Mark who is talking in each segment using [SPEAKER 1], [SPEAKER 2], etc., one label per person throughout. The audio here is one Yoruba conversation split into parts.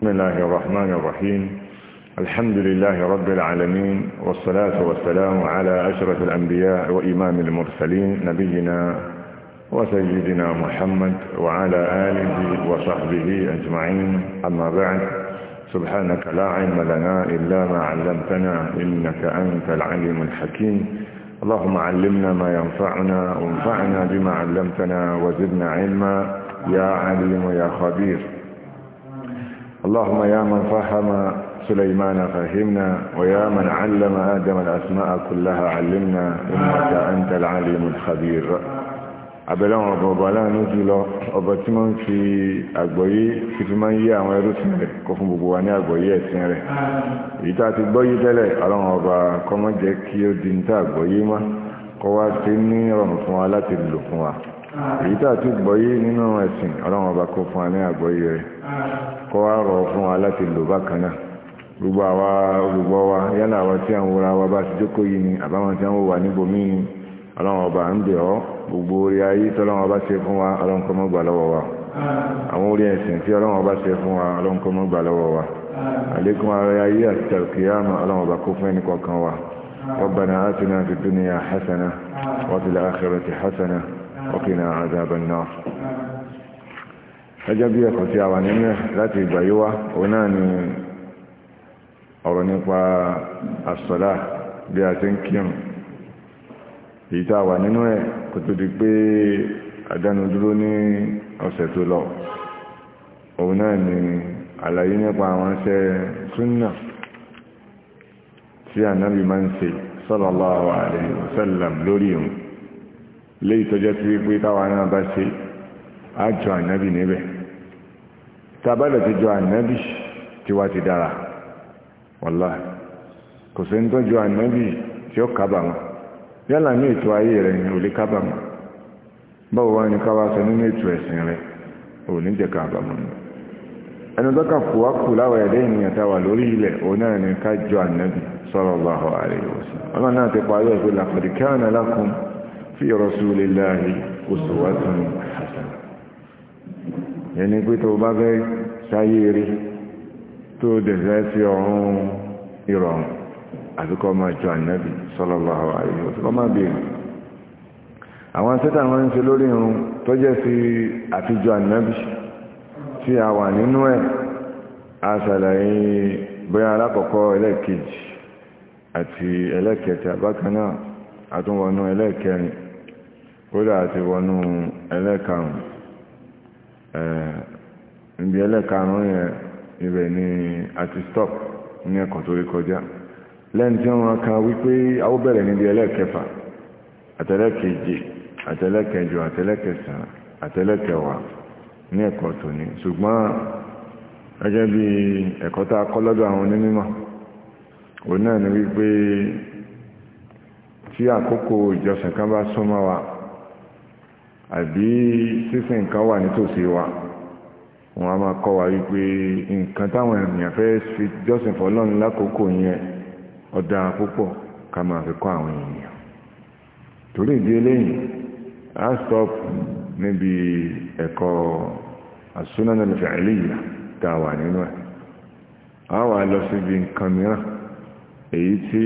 [SPEAKER 1] بسم الله الرحمن الرحيم الحمد لله رب العالمين والصلاة والسلام على أشرف الأنبياء وإمام المرسلين نبينا وسيدنا محمد وعلى آله وصحبه أجمعين أما بعد سبحانك لا علم لنا إلا ما علمتنا إنك أنت العليم الحكيم اللهم علمنا ما ينفعنا وانفعنا بما علمتنا وزدنا علما يا عليم يا خبير اللهم يا من فهم سليمان فهمنا ويا من علم آدم الأسماء كلها علمنا إنك أنت العليم الخبير abẹ̀láwọn ọba ọba aláàánú jùlọ ọba tí ma ń fi àgbọ́yé fi fi máa ń yé àwọn ẹrúsìn rẹ̀ kó fún gbogbo wa ní àgbọ́yé ẹ̀sìn rẹ̀ èyí tá a ti gbọ́yé tẹ́lẹ̀ ọlọ́run ọba kọ́ kí ó di ní tá àgbọ́yé má kọ́ wá sí ní ìrọ̀rùn fún wa láti lò fún wa èyí tà tún gbọ́yé nínú ẹ̀sìn ọlọ́run ọba kó fún wa ní àgbọ́yé rẹ̀ kọ́ wá rọ̀ fún wa láti lò bákan náà gbogbo àwa olùgbọ́ wa yálà àwa tí à ń wọra wa bá ti jókòó yìí ni àbáwọn tí à ń wò wà níbòmí ọlọ́run ọba ń bẹ̀ ọ́ gbogbo orí ayé tọ́lọ́run ọba ṣe fún wa ọlọ́run lọ́wọ́ wa àwọn orí ẹ̀sìn tí ọlọ́run ṣe fún wa ọlọ́run lọ́wọ́ wa àlékún ara ayé àti tàkìyàmù ọlọ́run kó fún ẹnì kọ̀ọ̀kan wa ربنا آتنا في الدنيا حسنة وفي الآخرة حسنة وقنا عذاب النار ẹjọ́ bí tí a wà nínú ẹ̀ láti ìgbà yíwá òun náà ni ọ̀rọ̀ nípa àsọ̀lá bí a ti ń kírun èyí a wà nínú ẹ̀ kò tó di pé àdánu dúró ní ọ̀sẹ̀ tó lọ òun náà ni àlàyé nípa àwọn iṣẹ́ súnnà tí máa ń lé ìtọ́jọ́ sí wípé táwa náà bá ṣe àjọ ànábì níbẹ̀ tàbálẹ̀ ti jọ ànábì tí wá ti dára wọ́lá kò sí ń tọ́jú ànábì tí ó kábàmà yálà ní ètò ayé rẹ̀ ní òlé kábàmà báwo wá ní káwá sọ nínú ètò ẹ̀sìn rẹ̀ ò ní jẹ́ kábàmà tó wá kù ẹ̀dẹ́ ènìyàn táwà lórí ilẹ̀ òun náà ní ká jọ ànábì ọlọ́run náà ti fi rasulillahi uswatun hasana ẹni pé tó bá fẹ́ sáyé rí tó dẹ̀fẹ́ sí ọ̀run ìrọ̀rùn àfikọ́ máa jọ ànábì sallallahu alaihi wasallam máa bèèrè àwọn sẹ́tà wọn ń ṣe lórí irun tó jẹ́ sí àtijọ́ ànábì tí a wà nínú ẹ̀ a ṣàlàyé bóyá alákọ̀ọ́kọ́ ẹlẹ́ẹ̀kejì àti ẹlẹ́ẹ̀kẹta bákan àtúnwọnú ẹlẹ́ẹ̀kẹrin kódà àti wọnú ẹlẹ́karùn ìbí ẹlẹ́karùn yẹn ibẹ̀ ni àti stop ní ẹ̀kọ́ tó rí kọjá lẹ́yìn tí wọ́n ka wípé awó bẹ̀rẹ̀ níbi ẹlẹ́kẹfà àtẹlẹ́keje àtẹlẹ́kẹjọ àtẹlẹ́kẹsàn àtẹlẹ́kẹwàá ní a kọ́ lọ́dọ̀ àwọn onímọ̀ òun náà ni wípé tí àkókò ìjọsìn kan bá àbí sísìn nǹkan wà nítòsí wa wọn a máa kọ́ wa wípé nǹkan táwọn ènìyàn fẹ́ fi jọ́sìn fọlọ́run lákòókò yẹn ọ̀dà púpọ̀ ká máa fi kọ́ àwọn ènìyàn torí ìdí eléyìí a stop níbi ẹ̀kọ́ àsúnáná àìlèyà tá a wà nínú ẹ̀ a wà lọ síbi nǹkan mìíràn èyí tí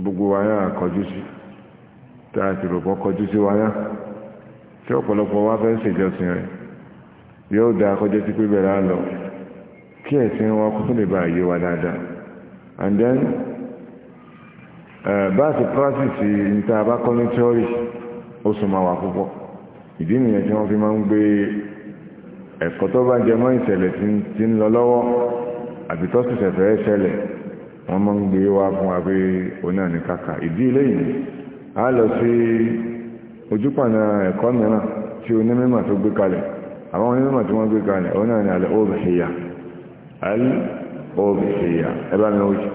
[SPEAKER 1] gbogbo wa náà kọjú sí tá a ti rò kọjú sí tí ọ̀pọ̀lọpọ̀ wá fẹ́ ṣèjọsìn rẹ̀ yóò dá akọ́jọ́ sí pé bẹ̀rẹ̀ á lọ kí ẹ̀sìn wọn kó tó lè bá yé dáadáa and then eh, bá a ti practice níta bá kọ́ ní theory ó sùn máa wà púpọ̀ ìdí nìyẹn tí wọ́n fi máa ń gbé ẹ̀kọ́ tó bá jẹ mọ́ ìṣẹ̀lẹ̀ tí ń lọ lọ́wọ́ àbí tó sì ṣẹ̀fẹ̀ ṣẹlẹ̀ wọ́n máa ń gbé wá fún wa pé onáà ní kàkà ìdí eléyìí á lọ sí ojúpànà ẹ̀kọ́ mìíràn tí onímọ̀ tó gbé kalẹ̀ àwọn onímọ̀ tí wọ́n gbé kalẹ̀ ó náà ni alẹ́ òbìṣẹ́yà ẹbá mi ó jù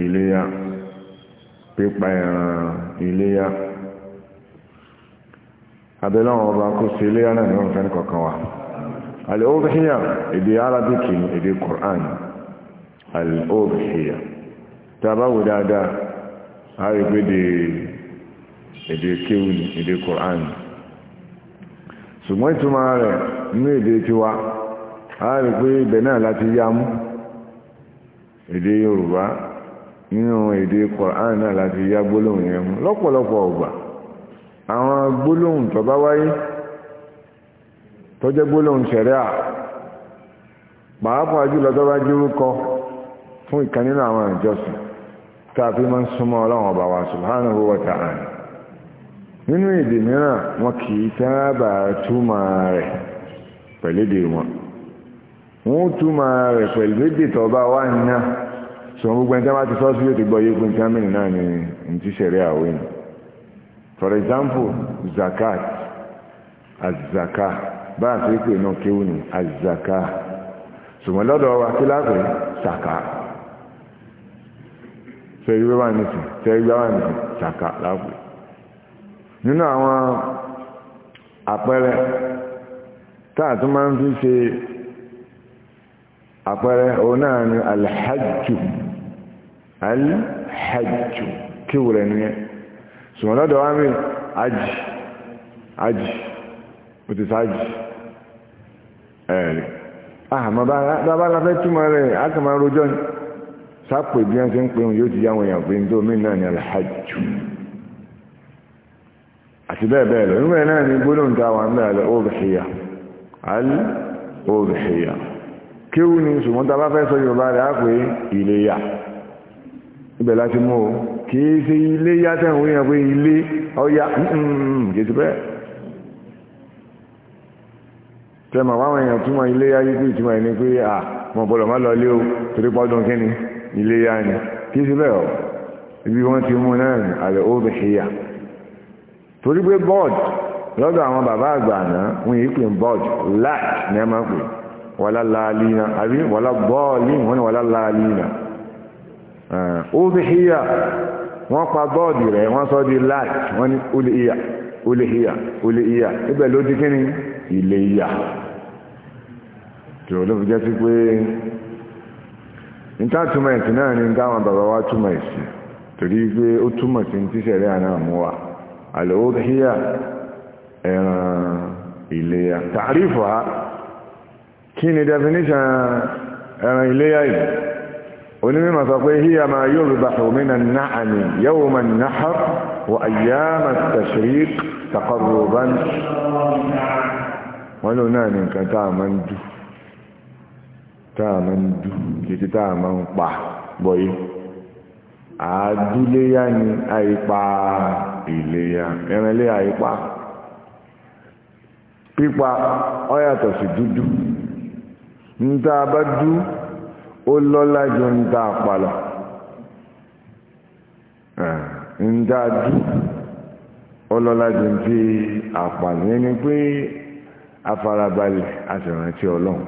[SPEAKER 1] ìjábọ̀ al'obhiya èdè arabic ni èdè quran al'obhiya ta ba wù dáadáa a rí pé èdè kéwù ni Su quran ṣùgbọ́n ìtumọ̀ rẹ̀ tiwa a rí pé ibẹ̀ náà láti Yoruba, nínú èdè quran náà láti ya gbólóhùn lọ́pọ̀lọpọ̀ ọgbà àwọn wáyé tó gbólóhùn ṣẹ̀ríà pàápàá jùlọ fún ìkan nínú àwọn ìjọsìn tá máa ń súnmọ́ ọlọ́run ọba wa subhanahu wa ta'ala nínú èdè mìíràn wọn kì í sábà túmọ̀ rẹ̀ pẹ̀lú èdè wọn wọn ó túmọ̀ rẹ̀ pẹ̀lú èdè gbogbo ẹni tí for example zakat bá a ti pè náà kéwù ní azaka ṣùgbọ́n lọ́dọ̀ wa kí lápè ṣàkà tẹ́rígbé wà nìsín tẹ́rígbé wà nìsín ṣàkà lápè nínú àwọn àpẹẹrẹ táà tó máa ń fi ṣe àpẹẹrẹ òun náà ni alhajju alhajju kíwù rẹ̀ nìyẹn ṣùgbọ́n lọ́dọ̀ wa mi ajì ajì òtítà ajì. ẹ̀rẹ̀ àmọ́ bàbá la fẹ́ túmọ̀ a kàn máa rojọ́ ni sápò bí ti ń pè wọn yóò ti yáwọn èèyàn pé nítorí mí náà ni alhajj àti bẹ́ẹ̀ bẹ́ẹ̀ lọ nígbà náà ni gbólóhùn a wà ń bẹ̀rẹ̀ al òbíṣìyà ni ṣùgbọ́n a bá fẹ́ sọ yorùbá rẹ̀ á pé o ya tẹ́mà wáwọn èèyàn túmọ̀ iléyá yíkú ìtumọ̀ ẹni pé à mọ̀ bọ̀lọ̀ má lọ lé o torí pọ́dún kí ni iléyá ni kí sí bẹ́ẹ̀ ọ̀ ibi wọ́n ti mú náà ní àlẹ́ ó bẹ̀ ṣíyà torí pé bọ́ọ̀d lọ́dọ̀ àwọn bàbá àgbà náà wọ́n yìí pè bọ́ọ̀d láàt ní ẹ máa pè wàlá láàlínà àbí wàlá bọ́ọ̀lì wọ́n ní wàlá láàlínà ó bẹ̀ ṣíyà wọ́n pa bọ́ọ̀dì rẹ̀ wọ́n sọ di láàt wọ́n ní ó lè ìyà ó lè ìyà ó lè ìyà ibẹ̀ ló di kí ilé yá tí olóòfin jẹ́ sí pé níta túnmọ̀ ẹ̀tì náà ni dáwọn bàbá wá túnmọ̀ ẹ̀sì torí pé ó túnmọ̀ sí ti ṣẹ̀rẹ́ àná mú wa àlòókíyà ẹ̀ràn iléyà tàrífù a kí ni definition ẹ̀ràn iléyà yìí onímọ̀ sọ pé híyà máa yóò rí bàtà òmìnà náà ni yóò máa náà wọ àyàmà bá تقربا wọ́n lò náà ní nǹkan táà máa ń dù táà máa ń dù títí táà máa ń pa bọ̀yé àádúléyà ni àìpa ìléyà ẹranlé àìpa pípa ó yàtọ̀ sí dúdú níta bá dú ó lọ́lá ju níta àpàlọ̀ níta dú ó lọ́lá ju ní àpàlọ̀ yẹn ni pé afarabalẹ̀ àtìrántí ọlọ́run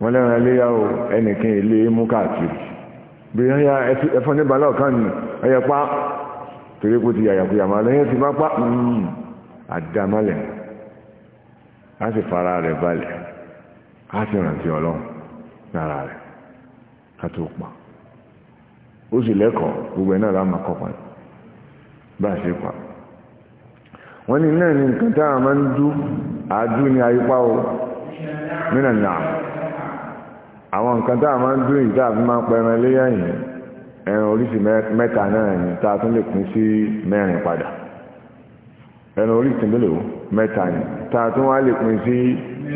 [SPEAKER 1] wọ́n lẹ́ran iléyàwó ẹnìkan ilé mú káàkiri bí i ya ẹfọ́ ní balọ̀ kan ní pa torí ti yàyàkúyà máa lẹ́yìn ti bá pa àdámálẹ̀ hmm, a fara rẹ̀ balẹ̀ a ọlọ́run lára rẹ̀ pa ó sì lẹ́kọ̀ọ́ gbogbo ẹ̀ náà lámà wọ́n ní náà ní nǹkan tá a máa ń dú àádú ní ayípa o nínà náà àwọn nǹkan tá a máa ń dú yìí tá a fi máa pẹ ẹran ilé yẹn ẹran oríṣi mẹ́ta náà ni tá a tún lè pín sí mẹ́rin padà ẹran oríṣi mélòó mẹ́ta ni tá a tún wá lè pín sí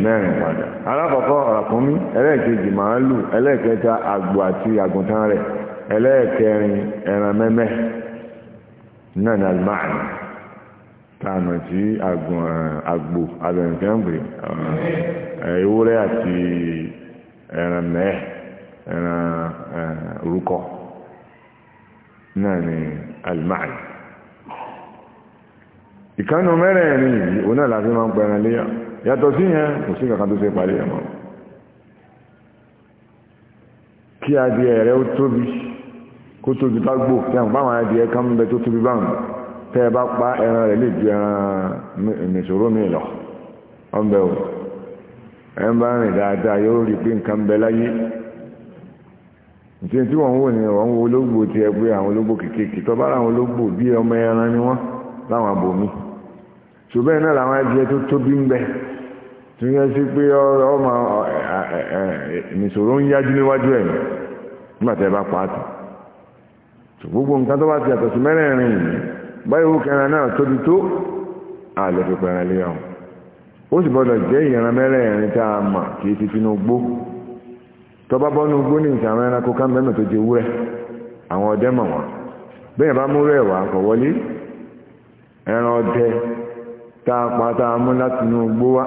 [SPEAKER 1] mẹ́rin padà alákọ̀ọ́kọ́ ọ̀ràkúnmí ẹlẹ́ẹ̀kejì màálù ẹlẹ́ẹ̀kẹta àgbò àti àgùntàn rẹ̀ ẹlẹ́ẹ̀kẹrin ẹran mẹ́mẹ́ náà ni àlùmáàlù tààmà tí àgbò abẹ̀rẹ̀kẹ́ǹgbè ewúrẹ́ àti ẹran mẹ́ ẹran orúkọ náà ni alimáàlì ìkánu mẹ́rẹ̀ẹ̀rin yìí o náà láti máa ń pẹ̀rẹ̀ léyà yàtọ̀ sí yẹn kò sí kankan tó ṣe parí ẹ̀mọ́ kí adìẹ rẹ ó tóbi kó tóbi bá gbò kí àwọn báwọn adìẹ kan bẹ tó tóbi báwọn tẹ́ ẹ bá pa ẹran rẹ̀ lè ju ẹran mèsòrò mi lọ ọ̀nbẹ o ẹ ń bá rìn dáadáa yóò rí pé nǹkan bẹ láyé ǹtí tí wọ́n ń wò ní wọ́n wo ológbò tí ẹ pé àwọn ológbò kékeré tọ́ bá àwọn ológbò bí ọmọ ẹran ni wọ́n láwọn abòmí ṣùgbọ́n náà làwọn ẹbí ẹ tó tóbi ń bẹ tí wọ́n sí pé ọmọ ìṣòro ń yájú níwájú ẹ̀ nígbà tí ẹ bá pa á tán gbogbo nǹkan tó bá ti àtọ̀sí mẹ́rẹ̀ẹ̀rin yìí báyìí kẹran náà tóbi tó àlẹ́fẹ́ pẹ̀rẹ̀ lé ọ̀hún ó sì gbọ́dọ̀ jẹ́ ìran mẹ́rẹ̀ẹ̀rin tá a mà kì í ti finú gbó tọba bọ́nú gbó ní ìtàwọn ẹranko ká mẹ́mẹ́ tó jẹ́ wúrẹ́ àwọn ọdẹ mọ̀ wọn bẹ́ẹ̀ bá múrẹ́ ẹ̀wà kọ̀ wọlé ẹran ọdẹ tá a pa tá a mú láti inú gbó wá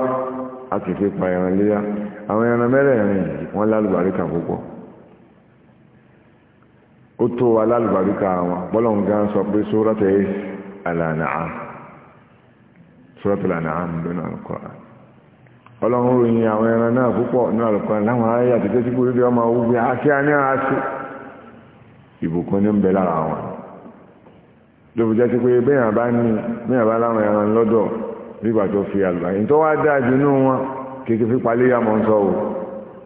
[SPEAKER 1] a sì fi pa ẹran léyà àwọn ẹran mẹ́rẹ̀ẹ̀rin wọ́n lálùbáríkà púpọ̀ ó tó wa lálùbáríkà wọn bọ́lọ̀n gan sọ pé sórọ́tẹ̀ alànàá sórọ́tẹ̀ alànàá ń lónà Al-Qur'an ọlọ́run ròyìn àwọn ẹran náà púpọ̀ ní al láwọn ayé àtijọ́ tí kò ọmọ ogun àti àní ìbùkún ní ń bẹ lára wọn lóbi jẹ́ sí pé bẹ́ẹ̀ bá ní bẹ́ẹ̀ bá láwọn ẹran lọ́dọ̀ fi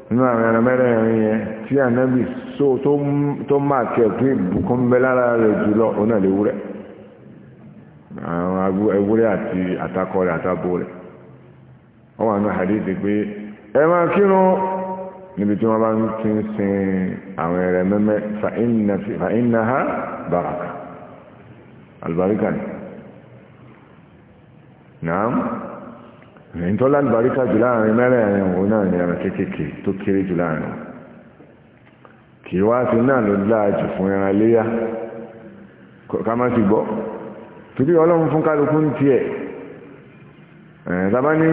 [SPEAKER 1] nínú àwọn ẹran mẹ́rẹ̀ẹ̀rin yẹn tí ànábì tó máa kẹ̀ pé bẹ lára rẹ̀ jùlọ òun náà lè wúrẹ́ àwọn ewúrẹ́ àti àtakọ rẹ̀ àtabo rẹ̀ wọ́n wà ní hadith pé ẹ kírun níbi tí wọ́n bá ń ń sin àwọn ẹran mẹ́mẹ́ fa innaha baraka ni ẹ̀yìn tó lálùbáríkà jù láàrin mẹ́rẹ̀ẹ̀rin òun náà ni ẹran kéékèèké tó kéré jù láàrin wọn kì í wá sí náà ló láàjù fún ẹran léyà ká má sì gbọ́ torí ọlọ́run fún kálukú ń tiẹ̀ tàbá ní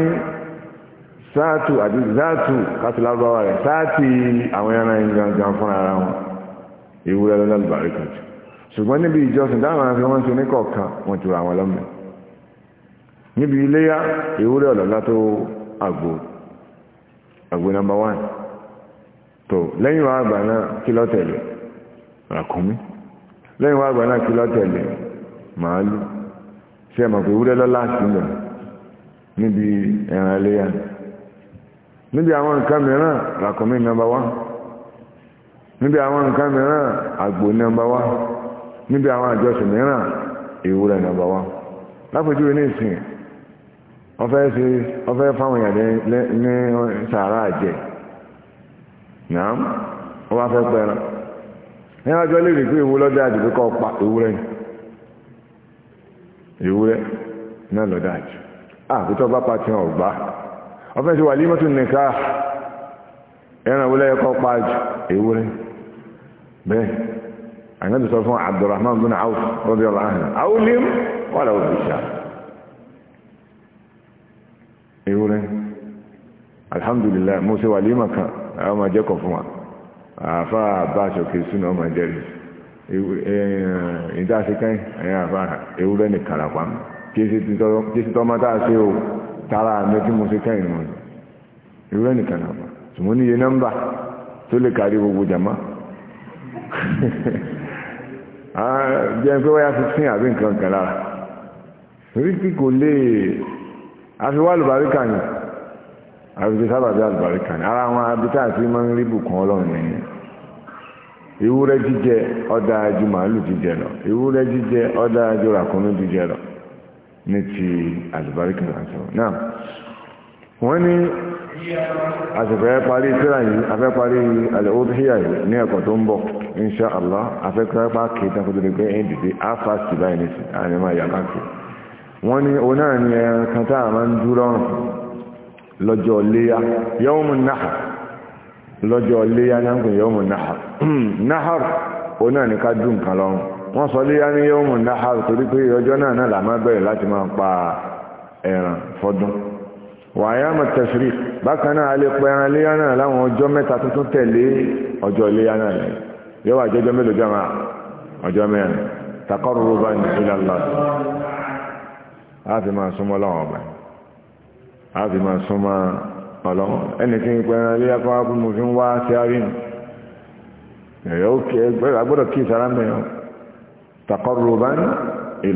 [SPEAKER 1] sáàtù àti záàtù kátìlábáwá rẹ̀ sáàtì àwọn ẹran ìgbàǹgbà fún níbi iléyá ewúrẹ́ ọ̀lọ́lá tó àgbò àgbò nàmbà wán tó lẹ́yìn wá àgbà náà kí ló tẹ̀lé ràkúnmí lẹ́yìn wá àgbà náà kí ló tẹ̀lé màálù ṣe mọ̀ pé ewúrẹ́ lọ́lá sílẹ̀ níbi ẹran iléyá níbi àwọn nǹkan mìíràn ràkúnmí nàmbà wán níbi àwọn nǹkan mìíràn àgbò nàmbà wán níbi àwọn àjọṣe mìíràn ewúrẹ́ nàmbà wán lápẹjú ní ìsìn ọfẹ́ ṣe ọfẹ́ fáwọn èèyàn ní sàárà jẹ náà wọ́n bá fẹ́ pẹran ní ọjọ́ lè rí pé ìwú lọ́dọ̀ àjù pé kọ́ pa ewúrẹ́ ni náà lọ́dọ̀ bá pa ọfẹ́ ṣe wà nìka ẹran pa bẹ́ẹ̀ sọ fún Abdulrahman bin ewúrẹ́ alhamdulillah mo ṣe wàlímà kan àwọn máa jẹ́kọ̀ fún wa àfá àbáṣọ̀kè súnà ọmọ jẹ́rì ìdáṣekẹ́ ẹ̀yà àfá ewúrẹ́ ní kàràpá kí sí tọ́mọ́ tàà ṣe o tààrà àmì tí mo ṣe kẹ́yìn mọ́ ewúrẹ́ ní kàràpá ṣùgbọ́n níye nọ́mbà tó lè kárí àbí nǹkan kan lára torí kí kò lè àfi wá àlùbáríkà ni àfi sábà bí ni ara wọn abítà àti máa ń rí bùkún ọlọ́run nìyẹn ewúrẹ́ jíjẹ ọ̀dà ju màálù jíjẹ lọ ewúrẹ́ jíjẹ ọ̀dà jíjẹ lọ ní ti àlùbáríkà náà sọ náà wọ́n ní àṣẹfẹ́ parí tíra yìí afẹ́ parí àlẹ́wọ́bíyà yìí ní ẹ̀kọ́ tó ń bọ̀ inṣáàlá sí báyìí àyẹ̀mọ́ wọ́n ní òun náà ni ẹran kan tá a máa ń dúró lọ́jọ́ léyà yawmun nahar lọ́jọ́ léyà náà ń pè yawmun nahar nahar òun náà ni ká dùn nǹkan lọ́rùn wọ́n sọ léyà ní yawmun nahar torí pé ọjọ́ náà náà là bẹ̀rẹ̀ láti máa pa ẹran fọdún wa ayyamu tashriq bákan náà a lè ẹran léyà náà láwọn ọjọ́ mẹ́ta tuntun tẹ̀lé ọjọ́ léyà náà lẹ́yìn yóò wà jẹ́jọ́ mélòó máa ọjọ́ mẹ́rin taqarruban ila Allah a máa súnmọ́ ọlọ́run ọba a máa súnmọ́ ọlọ́run ẹnì kí n pẹ́ ẹran ilé akọ́ akú mo fi ń wá sí òkè ẹgbẹ́ kí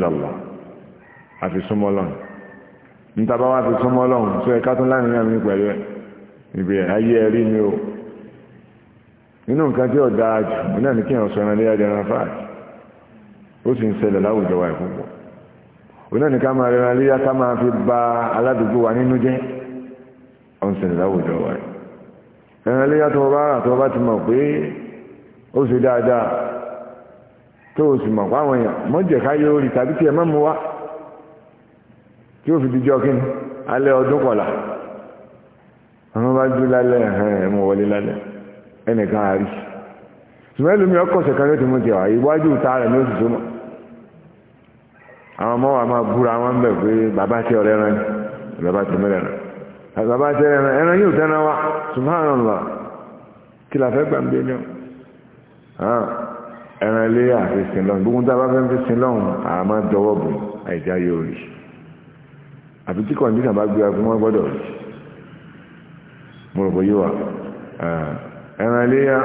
[SPEAKER 1] mẹ́rin a fi súnmọ́ ọlọ́run níta wá fi súnmọ́ ọlọ́run tó ẹ̀ka tó láàrin náà o nínú nǹkan tí ó dáa jù náà ní kí sọ ẹran ilé onáà ní ká máa rẹra léyà ká máa fi ba aládùúgbò wa nínú jẹ́ ọ̀sẹ̀lẹ̀ láwùjọ wa ẹ̀rọ léyà tó bá rà tó bá ti mọ̀ pé ó ṣe dáadáa tó o sì mọ̀ pé àwọn èèyàn mọ́jẹ̀ ká yóò rí tàbí tí ẹ má mú wá tí ó fi dijọ́ kí ni alẹ́ ọdún kọ̀la àwọn bá dúró lálẹ́ ẹ̀hẹ́n mo wọlé lálẹ́ ẹnìkan àárí ṣùgbọ́n ẹlòmíràn kọ̀ọ̀sẹ̀ kan ló ti mú tiwa ìwájú ta rẹ̀ ní oṣù tó àwọn ọmọ wa máa búra wọn bẹ̀ pé bàbá tí ọ̀rẹ́ ẹran bàbá tí mẹ́rẹ̀ ẹran bàbá tí ẹran ẹran yóò tẹ́ran wa subhanallah kí la fẹ́ gbà ń bẹ ní ọ ẹran ilé àfi sin lọ́hùn gbogbo tá a bá fẹ́ fi sin lọ́hùn àmọ́ dọwọ́ bù àìjá yóò rí àfi tí kọ̀ǹdíṣàn bá gbé agbó wọn gbọ́dọ̀ rí mo rò bó yé wa ẹran ilé yá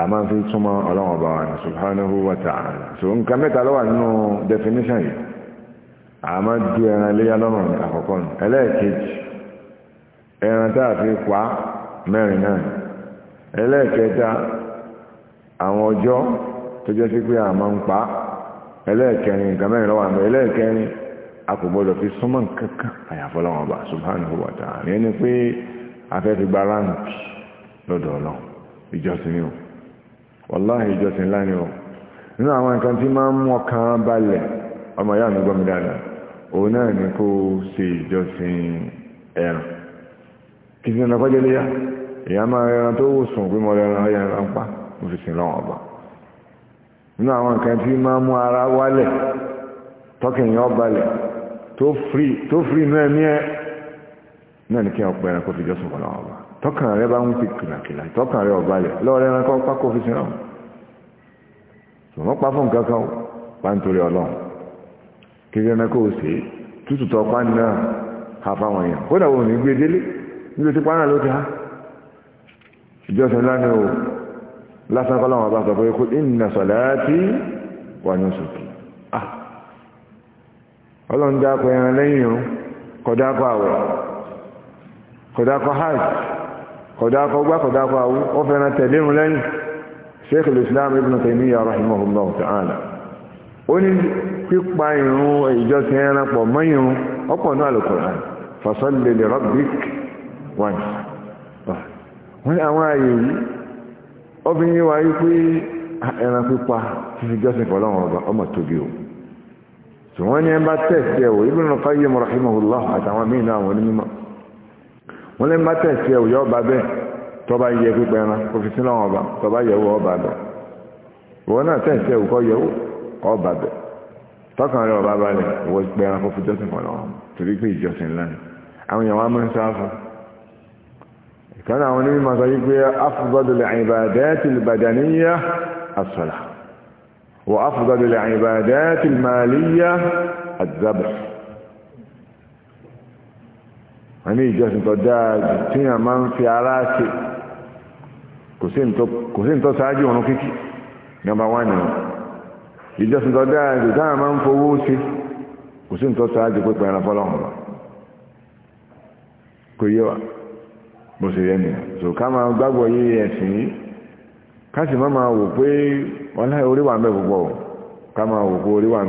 [SPEAKER 1] àmá fi túnmọ́ ọlọ́wọ̀n bá wọn subhanahu wa ta'ala so nǹkan mẹ́ta ló wà nínú definition yìí àmá ju ẹran iléyà lọ́nà ní àkọ́kọ́ nù ẹlẹ́ẹ̀kejì ẹran tá a fi pa mẹ́rin náà ẹlẹ́ẹ̀kẹta àwọn ọjọ́ tó jẹ́ sí pé àmá ń pa ẹlẹ́ẹ̀kẹrin nǹkan mẹ́rin ló wà nù ẹlẹ́ẹ̀kẹrin a kò gbọ́dọ̀ fi súnmọ́ kankan àyàfọ́lọ́wọ̀n bá subhanahu wa ta'ala ìjọsìn ni o wàláhì ìjọsìn láni o nínú àwọn nǹkan tí máa ń mú ọkàn balẹ̀ ọmọ ìyá mi mi òun náà ni kó se ìjọsìn ẹran kí sí ọ̀nà kọjọ́ léyà èyà máa ẹran tó tó tọ́kàn rẹ bá ń fi kìlàkìlà tọ́kàn rẹ ọ̀bá lẹ̀ lọ́ọ̀rẹ́ ẹran kọ́ pákó fi sinú ṣùgbọ́n pa fún nǹkan kan pa nítorí ọlọ́run kékeré ẹran kó o ṣe é tútù tọ́ pa náà ha fáwọn èèyàn ó dàbò ní gbé délé níbi tí pàrọ̀ ló ti há ìjọsìn ńlá ni o lásán kọ́ láwọn ọba sọ pé kó inna salati wa nusuki ah! ọlọ́run dákọ̀ ẹran lẹ́yìn o kọ̀ dákọ̀ àwẹ̀ kọ̀ dákọ̀ hajj kọ̀dákọ̀ gbá kọ̀dákọ̀ àwú ó fẹ́ràn tẹ̀lérun lẹ́yìn sheikh islam ibn rahimahullah ta'ala ó ní pípa irun ìjọsìn ẹran pọ̀ mọ́ irun náà al-Qur'an fasalli li rabbik wọ́n ní àwọn ààyè yìí ó fi yí wáyé pé pípa jọ́sìn ọba ọmọ tóbi o tí wọ́n ní ẹ bá tẹ̀sí ẹ̀wọ̀ rahimahullah àtàwọn náà wọ́n ní mímọ́ wọ́n lè má tẹ̀sí ẹ̀ òyọ́ ọba bẹ́ẹ̀ tọ́ba yẹ pípẹ́ ẹran kò fi sínú ọba tọ́ba yẹ̀wò ọba bẹ́ẹ̀ wọ́n náà tẹ̀sí ẹ̀ òkọ́ yẹ̀wò ọba bẹ́ẹ̀ tọ́kàn rẹ̀ ọba balẹ̀ ìwọ pẹ́ ẹran kò fi jọ́sìn fọ̀nà ọ̀hún torí pé ìjọsìn lánàá àwọn èèyàn wa máa ń sá fún àwọn onímọ̀ sọ yí pé afúgbọ́dọ̀lẹ̀ wọ́n ní ìjọsìn tó dáa jù tí máa ń fi ara ṣe kò sí nítọ́ ṣáájú ọ̀run kíkì nọ́mbà wán nìyẹn ìjọsìn tó dáa jù máa ń fowó ṣe kò sí nítọ́ so ká máa gbàgbọ́ yé ẹ̀sìn yìí ká sì má máa wò pé wọn láì orí wà ń púpọ̀ ká máa wò pé orí wà ń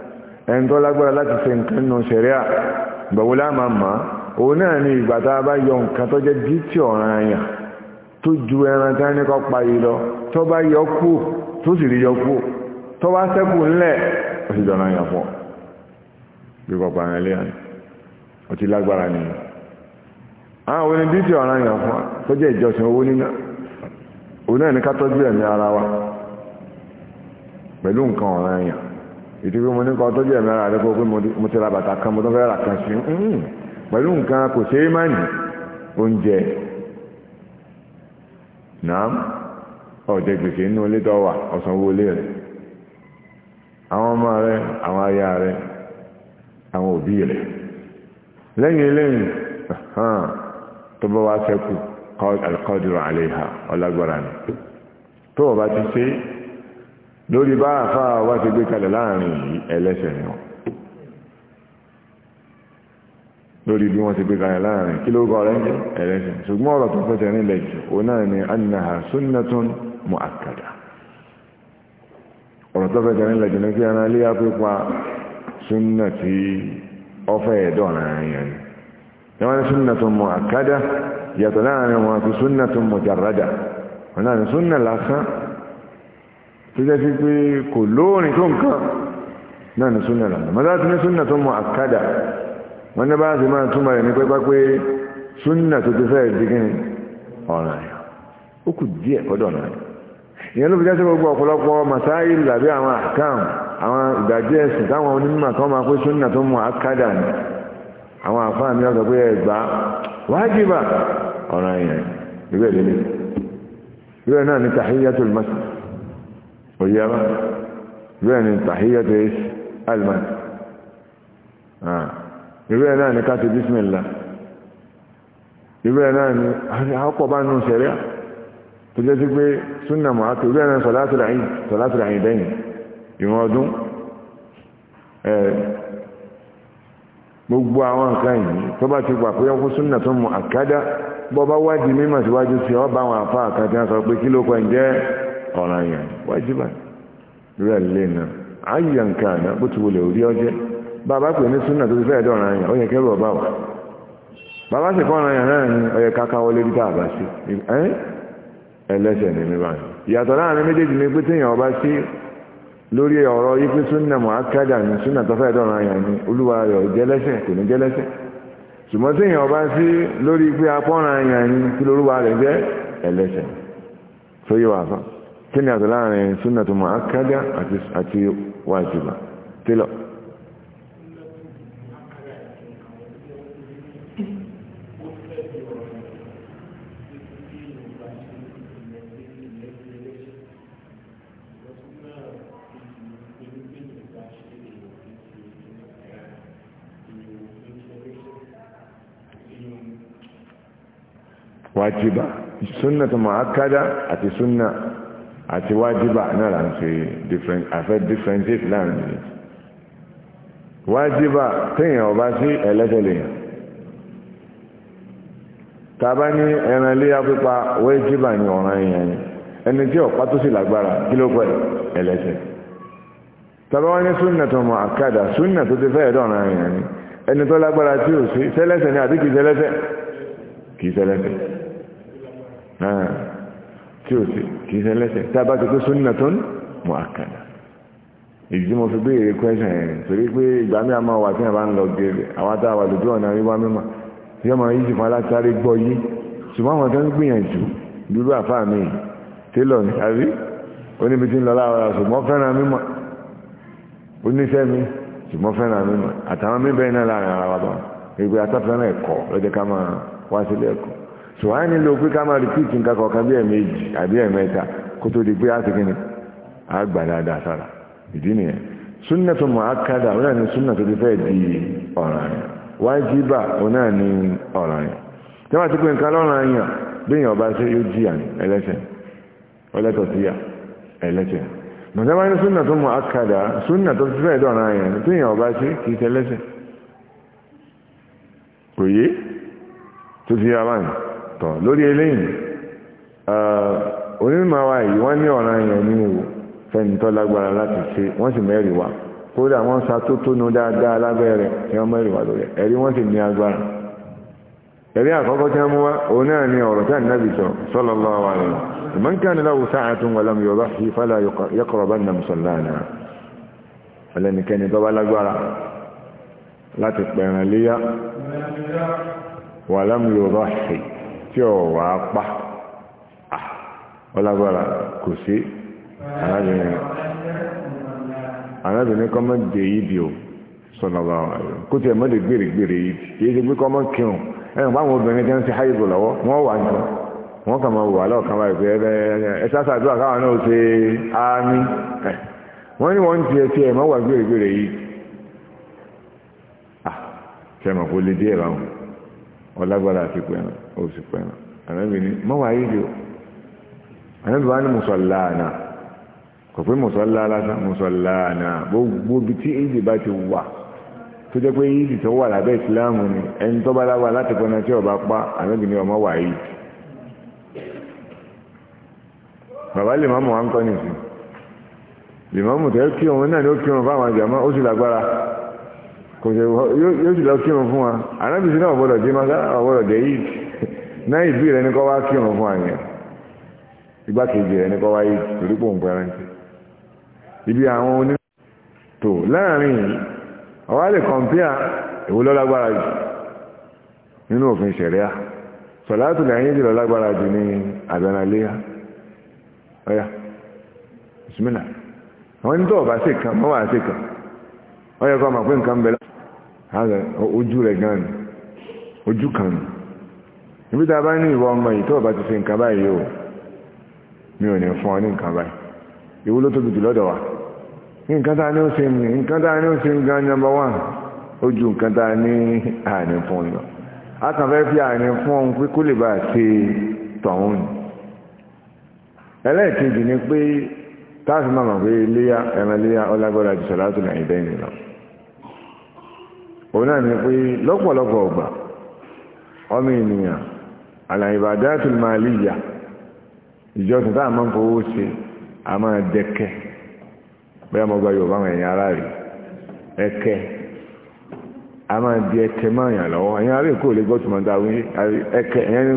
[SPEAKER 1] ẹni tó lágbára láti ṣe nǹkan nù ṣẹ̀ríà gbọ̀wó láàmà mọ́ òun náà ni ìgbà tá a bá yọ nǹkan tó jẹ́ dítì ọ̀ràn àyàn tó ju ẹran tí wọ́n ní kọ́ pa yìí lọ tó bá yọ kú tó sì rí yọ kú tó bá sẹ́kù ńlẹ̀ ó sì dọ̀nà àyàn fún bí kò pa àyàn léyàn ó ti lágbára nìyẹn àwọn òun ni dítì ọ̀ràn àyàn fún tó jẹ́ ìjọsìn owó níná òun náà ní ká tọ́jú ẹ̀mí ara wa pẹ̀lú nǹkan ọ̀ràn àyàn ìdíwé mo ní kan tọ́jú ẹ̀mí ara rẹ kó pé mo ti ra bàtà kan mo tó fẹ́ ra kan sí pẹ̀lú nǹkan kò ṣeé má nì oúnjẹ náà ọ̀jẹ̀ gbèsè nínú ilé tó wà ọ̀sánwó ilé rẹ̀ àwọn ọmọ rẹ̀ àwọn aya rẹ̀ àwọn òbí rẹ̀ lẹ́yìn lẹ́yìn tó bá wá sẹ́kù alqadiru alayha ọlágbára ni tó o bá ti ṣe lórí bá àfáà wá ti gbé kalẹ̀ láàrin yìí ẹlẹ́sẹ̀ ni wọn lórí bí wọ́n ti gbé kalẹ̀ láàrin kí ló kọ́ rẹ̀ ń jẹ́ ẹlẹ́sẹ̀ ṣùgbọ́n ọ̀rọ̀ tó fẹ́sẹ̀ nílẹ̀ jù òun náà ni annaha sunnatun mu'akkada ọ̀rọ̀ tó fẹ́sẹ̀ nílẹ̀ jù ní kí ẹran náà ni tó jẹ́ sí pé kò lóòrìn tó nǹkan náà ní súnà lànà mọ́tà tí ní súnà tó mọ àkádà wọ́n ní bá ti máa túmọ̀ rẹ̀ ní pé súnà tó ti fẹ́ẹ̀ di kíni ọ̀ràn ó kù díẹ̀ kọ́dọ̀ náà ìyẹn ló fi jẹ́ sí gbogbo ọ̀pọ̀lọpọ̀ màsáyì làbí àwọn àkàm àwọn ìgbàdí ẹ̀sìn táwọn onímọ̀ kan máa pé súnà tó mọ àkádà ni àwọn àfáà mi ọ̀sọ̀ pé ẹ̀gbá wájibà ọ̀ràn náà òye ẹ̀mọ́ bẹ́ẹ̀ ni tàhíyàtọ̀ èsì alman ah. irú ẹ̀ náà ni ká ti bísmìlá irú ẹ̀ náà ni àkọ́ bá nù sẹ̀ríà tó jẹ́ sí pé súnà mọ̀ àti irú ẹ̀ náà sọ̀látìrà àyìn dẹ́yìn ìwọ̀n ọdún gbogbo àwọn nǹkan yìí tó bá ti gbà pé ọkùn súnà tó mọ̀ àkádá bọ́ bá wádìí mímọ̀ síwájú sí ọ bá àwọn àfáà kan tí pé kí ló kọ́ ọ̀ràn yẹn wájúbà rẹ̀ lè nà ayé nǹkan àná bó ti wọlé ọjẹ́ bàbá pè ní súnà tó ti fẹ́ ọba wà bàbá sì ọ̀ràn yẹn náà ni ó káká wọlé bí káàbá sí ẹlẹ́sẹ̀ ní mi báyìí ìyàtọ̀ láàrin méjèèjì ni pé téèyàn ọba sí lórí ọ̀rọ̀ yìí pé súnà mọ̀ákádà ni súnà tó fẹ́ dọ̀ràn yẹn olúwa rẹ̀ kí ni àtọ̀ láàrin súnà tó muakkada àti wájìbà télọ̀ wájìbà súnà tó muakkada àti súnà àti wájíbà náà là ń ṣe different àfẹ́ differentiate láàrin ìlú wájíbà téèyàn ọba sí ẹlẹ́tẹ̀lẹ́yàn tàbá ní ẹran ilé apípa wájíbà ní ọ̀ràn èèyàn ni ẹni tí ọ̀pá tó sì lágbára kí ló pẹ̀ ẹlẹ́tẹ̀ tàbá wá ní súnà tó mọ àkàdà súnà tó ti fẹ́ ẹ̀dọ̀ ọ̀ràn èèyàn ni ẹni tó lágbára tí ò sí sẹ́lẹ́sẹ̀ ni àbí kìí sẹ́lẹ́sẹ̀ kìí sẹ́lẹ́sẹ̀ tí ò sí kì í ṣẹlẹ́sẹ̀ tá a bá ti pé súnà tó ń mọ àkàdà èyí tí mo fi béèrè kwẹ́sàn yẹn torí pé ìgbà mi àmọ́ wà tí àbá ń lọ gèrè àwọn tá a wà lójú ọ̀nà wíwá mímọ́ tí ọmọ yìí ti fún alásáré gbọ́ yé ṣùgbọ́n àwọn tó ń gbìyànjú dúró àfáà mi télọ̀ ni àbí oníbi tí ń lọ láwọn ọ̀sùn fẹ́ràn mímọ́ oníṣẹ́ mi ṣùgbọ́n fẹ́ràn mímọ́ àtàwọn mi bẹ́ẹ̀ náà láàrin ara wa bá wípé asáfẹ́ràn ẹ̀kọ́ lọ́jọ́ ká máa wá sílé ẹ̀kọ́ ṣùgbọ́n nílò pé ká máa rìpíìtì nǹkan kọ̀ọ̀kan bí ẹ̀mẹ́jì àbí ẹ̀mẹ́ta kó tó di pé á ti kíni á gbà dáadáa sára ìdí nìyẹn súnà tó mọ̀ ákádà náà súnà tó ti fẹ́ di ọ̀ràn yẹn wájíbà òun náà ni ọ̀ràn yẹn tí wọ́n ti pé nǹkan lọ́ràn yẹn bí èèyàn bá ṣe yóò jìyà ẹlẹ́sẹ̀ ọlẹ́tọ̀ tọ̀ lórí eléyìí onímọ̀ wa yìí wọ́n ní ọ̀ràn yẹn ní o fẹ́ni tó lágbára láti ṣe wọ́n sì mẹ́rin wa kódà wọ́n sa tó tónú dáadáa lábẹ́rẹ̀ tí wọ́n mẹ́rin wa lórí ẹ̀rí wọ́n sì ní agbára ẹ̀rí àkọ́kọ́ tí wọ́n mú wa òun ọ̀rọ̀ tí ànábì sọ sallallahu alaihi man tí ọ̀ wá pa ọlágbára kò sí arábìnrin arábìnrin mọ́ dé ibi o sọ̀nàbà kó mọ́ lè gbèrè gbèrè ibi kì í ṣe kọ́ mọ́ kírun ẹ̀rùn báwọn obìnrin ti háyìbò lọ́wọ́ wọ́n wà wọ́n kà wà lọ́ọ̀kan pé káwọn náà ṣe wọ́n ní wọ́n ti ẹ̀ mọ́ wà gbèrè gbèrè kó lè ọlágbára àti pẹ̀ràn ó sì pẹ̀ràn ànábì ní mọ́wà ayédè ó ànábì wá ní mùsọ̀láàna kò pé mùsọ̀lá lásán mùsọ̀láàna gbogbo ibi tí ìdì bá ti wà tó jẹ́ pé ìdì tó wà lábẹ́ ìsìláàmù ni ẹni tó bá lágbára láti pẹ̀ràn tí ọba pa ànábì ní ọmọ wà ayédè bàbá lè mọ́mù wa ń kọ́ nìsín lè mọ́mù tẹ́ kí òun náà ló kí òun fáwọn àjàmọ́ ó sì lágbára kò jẹ́ yóò sì lọ kírun fún wa anábìsí náà gbọ́dọ̀ dé máa sára ọ̀gbọ́dọ̀ dé yìí náà ìbí rẹ̀ ní kọ́ wá kírun fún àyàn igbákejì rẹ̀ ní kọ́ wá yìí torí pò ń pẹ́rẹ́ ní ibi àwọn oní tó láàrin ọwá lè kọ̀m̀píà èwo ló lágbára jù nínú òfin ṣẹ̀ríà sọ̀látù lẹ́yìn jùlọ lágbára jù ní àbẹ̀nàléyà ọ̀yà ìsúmìnà àwọn onítọ̀ ọ̀bá sí kan mọ́wàá sí kan ọ̀yà kọ́ ọmọ pé nǹkan bẹ̀rẹ̀ ojú rẹ̀ gan ojú kan ni ta bá ní ìwọ ọmọ yìí tó bá ti ṣe nǹkan báyìí o mi ò ní fún ọ ní nǹkan báyìí ìwú ló lọ́dọ̀ wa nǹkan tá a ní ó ṣe mi nǹkan tá a ní gan nọmba wán ojú nǹkan a ní àní fún a kàn fẹ́ fi ọ pé kó lè bá a ṣe tọ̀hún ni ẹlẹ́ẹ̀kejì ni pé táàfin máa mọ̀ pé ti sọ̀rọ̀ òun náà ni pé lọ́pọ̀lọpọ̀ ọgbà ọmọ ènìyàn al-ibadatul maliyya ìjọsìn máa ń fowó ṣe a máa dẹ́kẹ́ bẹ́ẹ̀ ẹ̀yìn ara ẹ̀kẹ́ a máa di ẹ̀kẹ́ máa lọ́wọ́ ẹ̀yìn ara rẹ̀ lè gbọ́tù máa ẹ̀kẹ́ ẹ̀yìn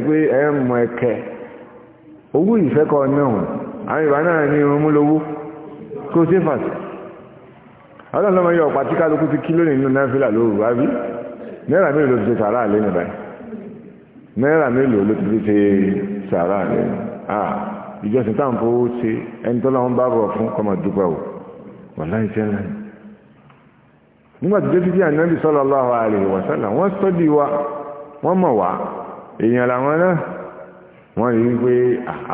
[SPEAKER 1] ni pé ọlọ́run lọ́mọ yọ ọ̀pá tí kálukú ti kí lónìí nínú náfìlà lóru wá bí náírà mélòó ló ti ṣe sàárà lẹ́nu báyìí náírà mélòó ló ti ṣe sàárà lẹ́nu ah ìjọsìn táwọn fowó ṣe ẹni tó lọ́wọ́ bá bọ̀ fún kọ́mọ dúpẹ́ o wọ́n láì ṣe ńlá nígbà tó dé títí ànábì sallallahu alaihi wasallam wọ́n sọ́dí wa wọ́n mọ̀ wá èèyàn làwọn náà wọ́n rí pé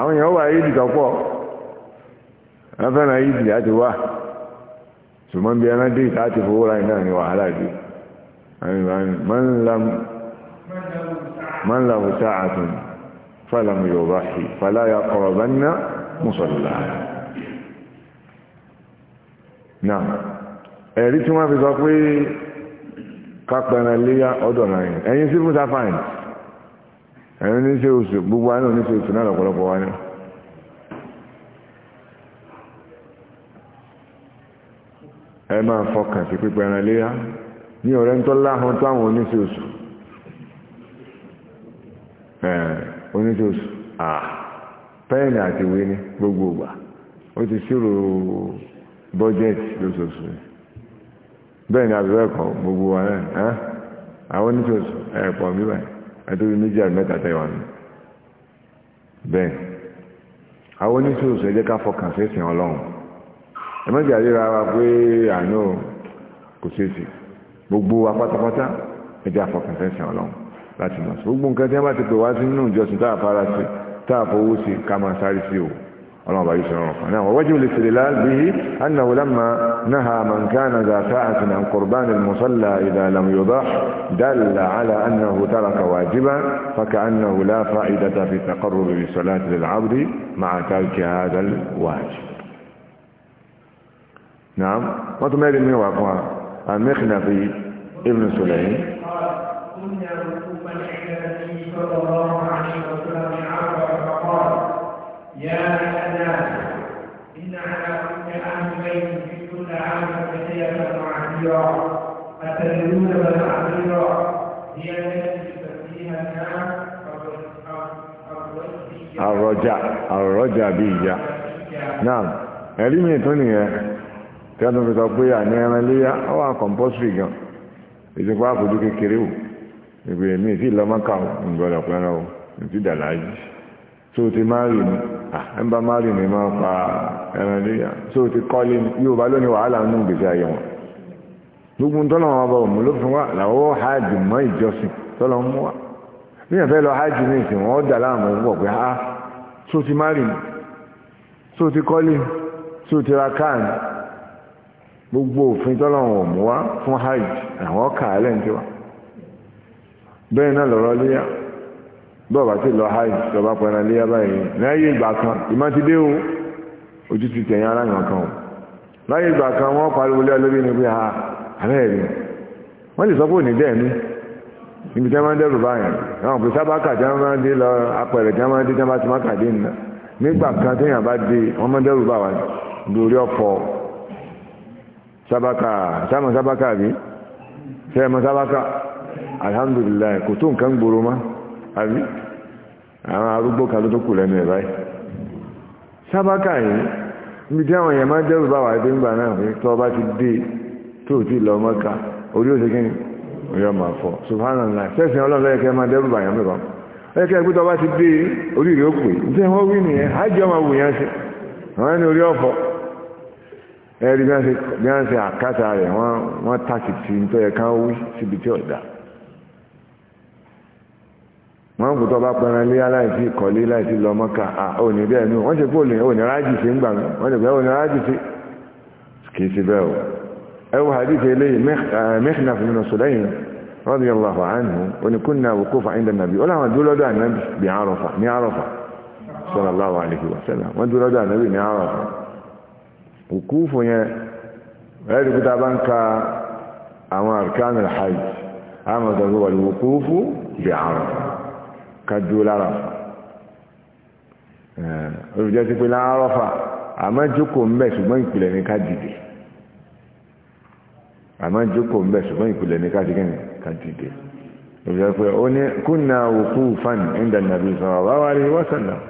[SPEAKER 1] àwọn èèyàn wà ayé ṣùgbọ́n bí ẹran dé ìta ti fowó ráì náà ni wàhálà dé man lahu sa'atun falam yubahi fala yaqrabanna musalla náà ẹ̀rí tí wọ́n fi sọ pé kápẹ̀rẹ̀ léyà ọdọ̀ náà ẹ̀yìn sí fún sáfáìn ẹ̀yìn oníṣẹ́ oṣù gbogbo ẹ máa fọkàn sí pípẹ́ ẹran léyà ní ọ̀rẹ́ ń tọ́ láhùn tó àwọn oníṣòṣù oníṣòṣù pẹ́ẹ̀nì àti ìwé ní gbogbo ìgbà ó ti ṣírò bọ́jẹ́tì lóṣooṣù bẹ́ẹ̀ ni àbúrò ẹ̀kọ́ gbogbo wa náà àwọn oníṣòṣù ẹ̀pọ̀ bíbà ẹ̀tọ́bi méjì àti mẹ́ta tẹ̀wà ní bẹ́ẹ̀ àwọn oníṣòṣù ẹ jẹ́ ká fọkàn sí ẹ̀sìn ọlọ́run ẹmọ́jà ríra wa pé àánú kò ṣe é ṣeéṣe gbogbo wa pátápátá ẹjẹ́ àfọkànsẹ́sìn ọlọ́run láti mọ̀ sí gbogbo nǹkan tí wọ́n bá ti pè wá sí nínú ìjọsìn tá a fara sí tá a fowó sí ká máa sáré sí o ọlọ́run bá yìí sọ̀rọ̀ kan náà won wọ́wọ́jú lè ṣe lè láàbí annahu lamma naha man kana za sa'atin an qurban al musalla idha lam yudah dalla ala annahu taraka wajiban fa ka annahu la idata fi taqarrub bi salati lil 'abdi ma'a tarki hadha al wajib نعم ما تمالي من واقع عن مخنفي ابن سليم
[SPEAKER 2] يا الناس إن على كل أهل بيت في كل عام
[SPEAKER 1] الرجاء الرجبية نعم علمي توني tí wọ́n tún fi sọ pé àní ẹran léyà ó wà compulsory gan ìsìnkú àfojú kékeré o ìgbèrè mi ìsì lọ́mọ́kà o ìgbọ́dọ̀ pẹ́ran o ìsì dàlájì tó ti máa rì ní ẹ̀ ń bá máa rì ní máa pa ẹran léyà tó ti kọ́lé yóò bá lónìí wàhálà nínú gbèsè ayé wọn gbogbo tọ́lọ́wọ́n ọba òmù ló fún wa làwọ́ hajj mọ́ ìjọsìn tọ́lọ́wọ́n mú wa bí wọ́n fẹ́ lọ hajj ní ìsìn gbogbo òfin tọ́lọ́wọ̀n mú wá fún hajj àwọn ọkà ẹlẹ́ntí wa bẹ́ẹ̀ náà lọ́rọ́ léyà bọ́ọ̀bà tí lọ hajj lọ́ba pẹ̀lú léyà báyìí láyé ìgbà kan ìmọ̀ ti dé o ojú ti tẹ̀yìn aláyàn kan o láyé ìgbà kan wọ́n pariwo lé olórí ni pé ha ah, àbẹ́ẹ̀ rí wọ́n lè sọ pé òní dẹ́ẹ̀mí níbi tí wọ́n máa ń dẹ́rù báyìí àwọn òpè sábàkà tí wọ́n máa ń dé lọ apẹ̀rẹ̀ tí wọ́n máa ń dé tí wọ́n bá ti má kàdé nìyà nígbà kan téèyàn bá dé wọ́n máa ń dẹ́rù báwa lórí ọ̀pọ̀ sábàkà sáàmà sábàkà àbí sẹ́ẹ̀mà sábàkà alhamdulillah kò tó nǹkan gbòòrò má àbí àwọn arúgbó kan ló tó kù lẹ́nu ẹ̀ báyìí sábàkà yìí níbi tí àwọn èèyàn máa dẹ́rù bá wà dé ńgbà náà pé tọ́ bá ti dé tó ti lọ mọ́ka orí òsè kíni orí ọmọ àfọ subhanallah sẹ́sìn ọlọ́run lọ́yẹ̀ kẹ́ máa dẹ́rù bá yàn mẹ́kọ̀ọ́ lọ́yẹ̀ kẹ́ pé tọ́ bá ti dé orí rẹ̀ ó pè ní sẹ́wọ́n wí nìyẹn á jẹ́ ọmọ wù yẹn sí àwọn ẹni orí ọ̀fọ̀ ẹ̀rí bí wọ́n ṣe àkátà rẹ̀ wọ́n tàkìtì tó yẹ ká wí síbi tí ọ̀dà wọ́n kò tọ́ bá pẹran lé aláìsí láìsí lọ òní bẹ́ẹ̀ nù wọ́n ṣe pé òní rájì sí ń gbà mí wọ́n ṣe pé òní rájì sí kì í ṣe bẹ́ẹ̀ o ẹ hadith eléyìí òní nàbí ó láwọn dúró lọ́dọ̀ òkúfù yẹn ẹ̀rí pé tá a bá ń ka àwọn arkan alhaj àwọn ọ̀dọ́gbọ́ wà ní òkúfù bí àrùn kájú lára olùjẹ́ ti pé láàárọ̀ fà àmọ́ jókòó ń bẹ̀ ṣùgbọ́n ìpìlẹ̀ ní ká dìde àmọ́ jókòó ń bẹ̀ ṣùgbọ́n ìpìlẹ̀ ní ká dìde ká pé ó ní kúnnà òkú fan inda nabi sallallahu alaihi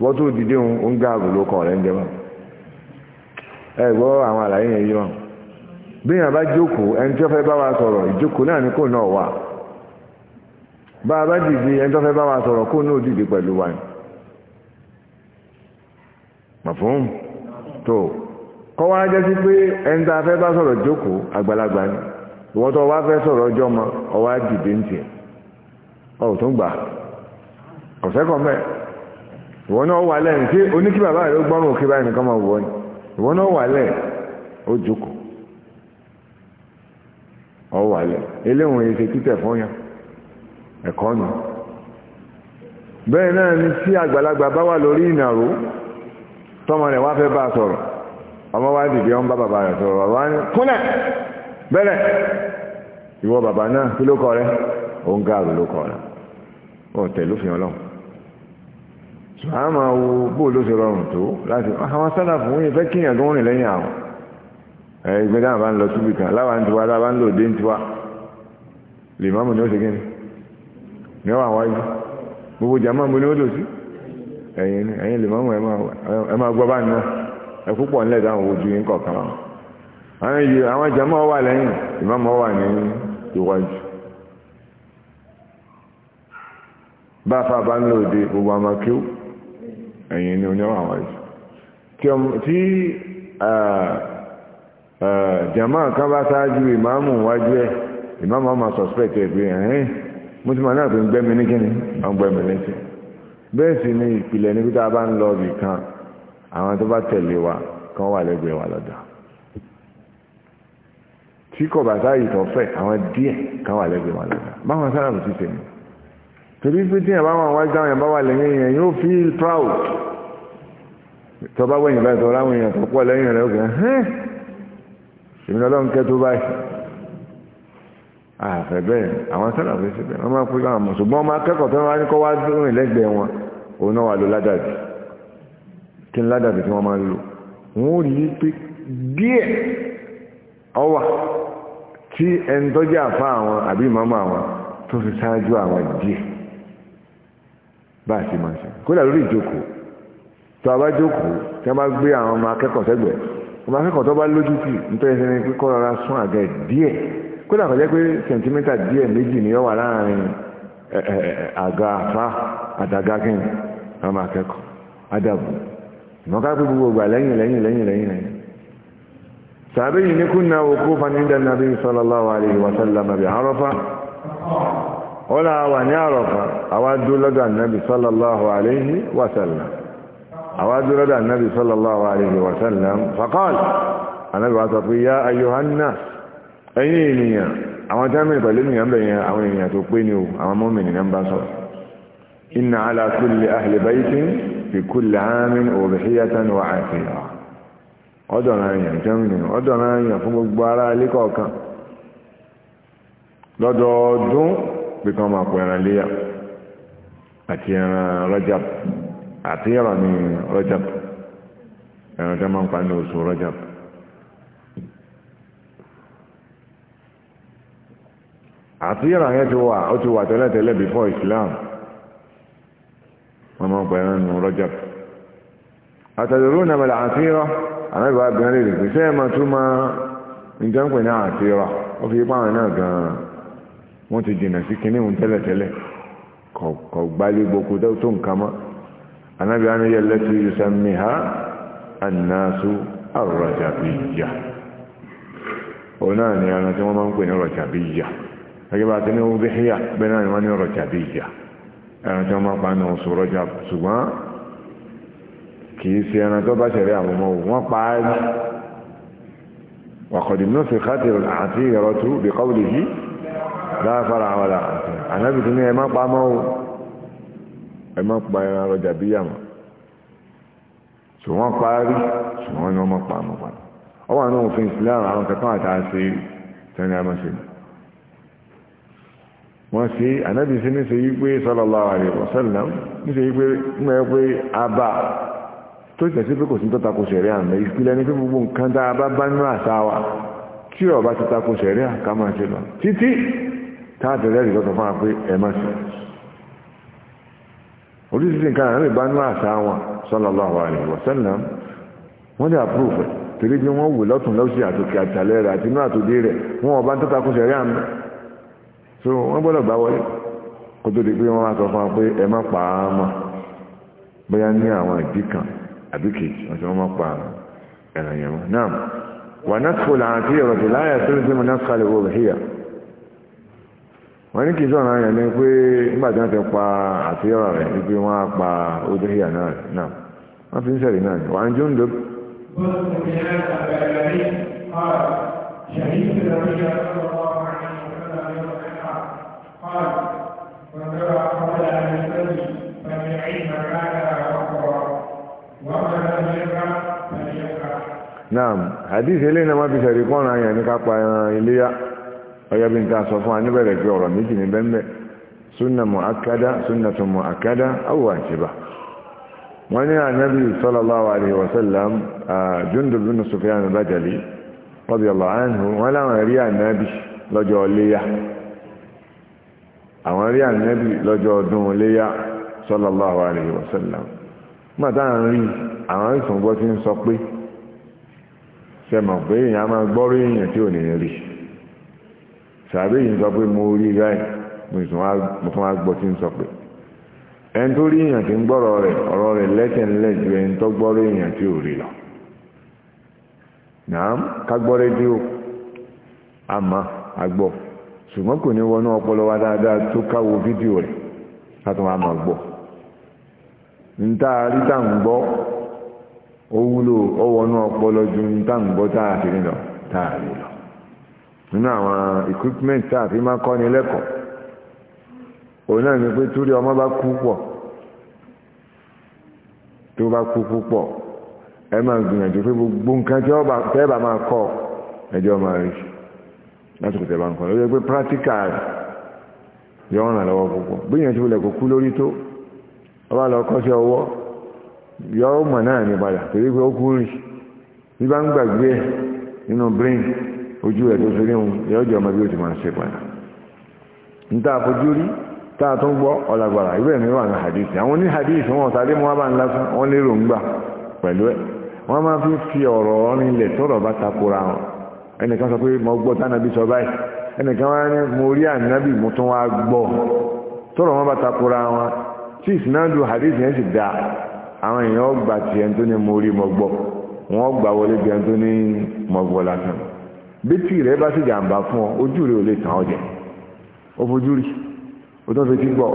[SPEAKER 1] wọ́n tó dìde ń gáàgùn ló kọ̀ rẹ̀ awọn ẹ gbọ́ àwọn àlàyé yẹn yí wọn bí yàn bá jókòó ẹni tí wọ́n fẹ́ bá wa sọ̀rọ̀ ìjókòó náà ni kò náà wà bá a bá dìde ẹni fẹ́ bá wa sọ̀rọ̀ kò náà dìde pẹ̀lú wa ni bá sọ̀rọ̀ jókòó àgbàlagbà sọ̀rọ̀ ọjọ́ mọ́ ìwọ náà wà lẹ́yìn tí oníkí bàbá rẹ̀ ó gbọ́rùn òkè báyìí nìkan máa wọ̀ ni ìwọ náà wà lẹ́yìn ó jókòó ọ wà lẹ́yìn eléwọ̀n èsè títẹ̀ fún yàn ẹ̀kọ́ nù bẹ́ẹ̀ náà ni tí àgbàlagbà bá wà lórí ìnàró tọ́mọ rẹ̀ wá fẹ́ bá sọ̀rọ̀ ọmọ wá dìde ọ́n bá bàbá rẹ̀ sọ̀rọ̀ wá ní kúnlẹ̀ bẹ́lẹ̀ ìwọ bàbá náà kí ló kọ rẹ̀ ó ń gáàrú ló kọ rẹ̀ ó tẹ̀lófin ọlọ́run ṣùgbọ́n máa wo bóò ló ṣe rọrùn tó láti àwọn sọ́dà fún oúnjẹ fẹ́ kíyàn gan rìn lẹ́yìn àwọn ẹgbẹ́ dáhùn bá ń lọ síbi kan láwa ń tiwa láwa ń lò dé ń tiwa lè máàmù ni ó ṣe kíni ní ọwọ́ àwọn ayé gbogbo jàmá mo ní ó lò sí ẹ̀yin ni ẹ̀yin lè máàmù ẹ máa gbọ́ bá ń ná ẹ púpọ̀ ńlẹ̀ dáhùn ojú yín kọ̀ọ̀kan wọn. àwọn yìí àwọn jàmá ọ wà lẹ́yìn ìmáàmù ọ wà ní iwájú. bá a fa bá ń lò dé gbogbo àmọ́ kíw ẹ̀yìn ni oníwà wáyé tí jama kan bá sáájú ìmáàmù wájú ẹ̀ ìmáàmù ọmọ suspect ẹ̀ pé ẹ̀hìn mo ti máa náà tó ń gbẹ́mi ní kíni wọ́n gbẹ́mi lẹ́sẹ̀ bẹ́ẹ̀ sì ni ìpìlẹ̀ ní pípa bá ń lọ bì kan àwọn tó bá tẹ̀lé wa kan wà lẹ́gbẹ̀ẹ́ wa lọ́dà tí kò bá sáàyè tó fẹ́ àwọn díẹ̀ kan wà lẹ́gbẹ̀ẹ́ wa lọ́dà báwọn sára kò ti tẹ̀lé torí pé tí ẹ̀ bá wọn wájú àwọn ẹ̀ bá wà lẹ́yìn yẹn yóò feel proud tọba wẹ̀yìn báyìí tọ́ra àwọn èèyàn tó pọ̀ lẹ́yìn rẹ̀ ọ̀gá hẹ́n èmi lọ́lọ́run kẹ́ tó báyìí àfẹ́ ah, bẹ́ẹ̀ àwọn sẹ́lá fi ṣe bẹ́ẹ̀ wọ́n máa pín káwọn ṣùgbọ́n ọmọ akẹ́kọ̀ọ́ tó wá ní kọ́ wá dúró lẹ́gbẹ̀ẹ́ wọn òun náà wà ló ládàbí kí n ládàbí tí wọ́n máa ń lò wọ́n ò rí pé díẹ̀ ọwà tí ẹni tó jẹ́ àfa àwọn àbí ìmọ̀mọ́ àwọn tó fi ṣáájú àwọn díẹ̀ bá sì máa ṣe kódà lórí ìjókòó tó a bá jókòó tí a bá gbé àwọn ọmọ akẹ́kọ̀ọ́ sẹ́gbẹ̀ẹ́ ọmọ akẹ́kọ̀ọ́ tó bá lójú tì nítorí ẹsẹ̀ ni kíkọ́ rárá sún àga díẹ̀ kódà kọjá pé sẹ̀ńtímítà díẹ̀ méjì ni ó wà láàrin àga àfa àtàgà kẹ́yìn ọmọ akẹ́kọ̀ọ́ ìmọ̀ká pé gbogbo ìgbà lẹ́yìn lẹ́yìn lẹ́yìn lẹ́yìn àwájú lọ́dọ̀ annabi sallallahu alaihi wa sallam faqal annabi wa sọ pé ya ayyuhanna ẹ̀yin ènìyàn àwọn jámìn pẹ̀lú ènìyàn bẹ̀ yẹn àwọn ènìyàn tó pé ní o àwọn mọ́mìn ènìyàn bá sọ inna ala kulli ahli baitin fi kulli amin udhiyatan wa atira ọdọ̀ náà yàn jámìn ọdọ̀ náà yàn fún gbogbo ara ilé kọ̀ọ̀kan lọ́dọọdún pé kan máa pẹ̀ràn léyà àti ẹran rajab àti ìrọ̀ ní Rajab ẹ̀rùn tó máa ń pa ní oṣù Rajab àti yẹn ti wà ó ti wà Islam wọ́n máa ń pa ní Rajab àtàlóró náà bẹ̀rẹ̀ àti ìrọ̀ àwọn ìgbà gan lè pèsè ẹ̀ máa tún máa na pè ní àti ó fi ipá àwọn náà gan-an wọ́n ti jìnnà sí kinní òun أنا عنه يعني التي يسميها الناس الرجبية هناني يعني أنا كما ممكن الرجبية لكن بعد أنه بحية بناني من الرجبية أنا كما ممكن أنه يعني رجب سواء كيسي أنا تبا شريع بموضوع بعد وقد نسخت العتيرة بقوله لا فرع ولا عتيرة أنا بتنيه ما بموضوع ẹ má pa ẹran ọjà bí yàmà ṣùgbọ́n parí ṣùgbọ́n ni wọ́n má pa àmọ́ pa ọ wà náà òfin Islam àwọn kankan àti àṣẹ tẹni àmọ́ ṣe wọ́n ṣe ànábì sí ní ṣe yí pé sallallahu alaihi wasallam ní ṣe yí pé mọ̀ ẹ́ pé abá tó tẹ̀sí pé kò sí tó tako ṣẹ̀rí àmì ìpìlẹ̀ ní pé gbogbo nǹkan tá a bá bá nínú àṣà wa tí ọba ti tako ṣẹ̀rí àkámọ́ ṣe lọ títí táàtẹ̀lẹ́rì lọ́tọ̀ fún oríṣiríṣi nǹkan àrẹ́bì bá ní àṣà wọn sallallahu alaihi wasallam wọ́n dẹ̀ àpúrúfẹ̀ torí bí wọ́n wù lọ́tún lọ́sí àtòkè àtàlẹ́ rẹ̀ àti inú àtòdé rẹ̀ wọ́n ọba ń tọ́ta kún sẹ̀rí àmì so wọ́n gbọ́dọ̀ gbá wọlé kó tó di pé wọ́n máa sọ fún wa pé ẹ má pa á mọ́ bóyá ní àwọn ìdí kan àbí kejì wọ́n ti wọ́n má pa ẹ̀ràn yẹn mọ́ náà wà náà kò wọ́n ní kì í sọ̀rọ̀ ayẹ̀ ni pé nígbà tí wọ́n ti pa àtúnyọ̀rọ̀ rẹ̀ ni wọ́n á pa odòhíyà náà náà wọ́n fi ń sẹ̀rí náà wà ń jó ń dóbi. naam hadith eléyìí náà wọ́n fi sẹ̀rí kọ́ra ayẹ̀ ní ká pa iléyà. ọyọ́ bí n ta sọ fún wa níbẹ̀rẹ̀ pé ọ̀rọ̀ méjì ní bẹ́ńbẹ́ súnà mu'akkada súnà tó mu'akkada aw wajiba wọ́n ní ànábì sallallahu alaihi wa sallam Jundub bin Sufyan al-Bajali radiyallahu anhu wọ́n láwọn rí ànábì lọ́jọ́ léyà àwọn rí ànábì lọ́jọ́ ọdún léyà sallallahu alaihi wa sallam mọ́ta ń pé sẹ́mọ̀ máa gbọ́rọ̀ èèyàn tí ò ní rí sàbẹ̀ yìí sọ pé mo rí ráì mo tún wá gbọ́ tí ń sọ pé ẹni tó rí èèyàn tí ń gbọ́rọ̀ rẹ̀ ọ̀rọ̀ rẹ̀ lẹ́tẹ̀ńlẹ̀ ju ẹni tó gbọ́rọ̀ èèyàn tí ò rí lọ nàá ká gbọ́ ṣùgbọ́n kò ní wọnú ọpọlọ a rí tá ju ń tá à ń nínú àwọn equipment tá a fi máa kọ́ ni lẹ́kọ̀ọ́ òun náà ni pé torí ọmọ bá kú pọ̀ tó bá kú púpọ̀ ẹ máa gbìyànjú pé gbogbo nǹkan tí ẹ bá máa kọ́ ẹjọ́ máa rí láti kòtẹ́ bá ń kọ́ lórí pé practical yọ ọ̀ràn lọ́wọ́ púpọ̀ gbìyànjú ilẹ̀ kò kú lórí tó ọba lọ kọ́ sí ọwọ́ yọ ọmọ náà ní padà torí pé ó kú rí bí bá ń gbàgbé ẹ̀ nínú brain ojú ẹ̀ tó ṣeré òun yóò ọmọ bí ó ti máa ṣe padà níta àfojú rí táà tó ń gbọ́ ọ̀làgbàrà ìwé ẹ̀mí wà ní hadith àwọn ní hadith wọn ọ̀tàdé mú wọn pẹ̀lú ẹ̀ wọ́n fi fi ọ̀rọ̀ rinlẹ̀ tọ́rọ̀ bá takora wọn ẹnìkan sọ pé mo gbọ́ tánàbí sọ báyìí ẹnìkan ní mo rí ànábì mo tún wá gbọ́ tọ́rọ̀ wọn bá takora wọn tí hadith yẹn sì bẹ́tì rẹ̀ bá sì jàǹbá fún ọ ojú rẹ̀ ò lè tàn ọ́ jẹ ó fojú rí ó tó fetí gbọ́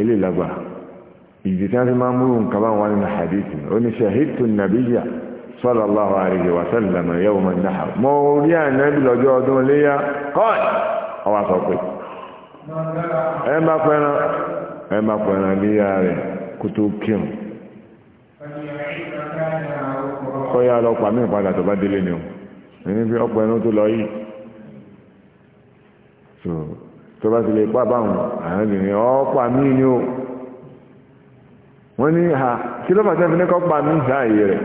[SPEAKER 1] ilé ìlàgbà ìdí tí wọ́n fi máa ń múrù nǹkan báwọn nínú hadith ó ní ṣahidtu nàbíyà sallallahu alaihi wa sallam yawm an-nahr mọ orí ànábì lọ́jọ́ ọdún léyà ọwọ́ sọ pé ẹ má ẹ má léyà kó tó kírun kọ́ ẹni fi ọ̀pọ̀ ẹnu tó lọ yìí so tó bá ti lè pa báwọn àwọn ènìyàn ọ̀pọ̀ àmì ni o wọ́n ní ha kí ló fàṣẹ fi ní kọ́ pa mí ìhà ààyè rẹ̀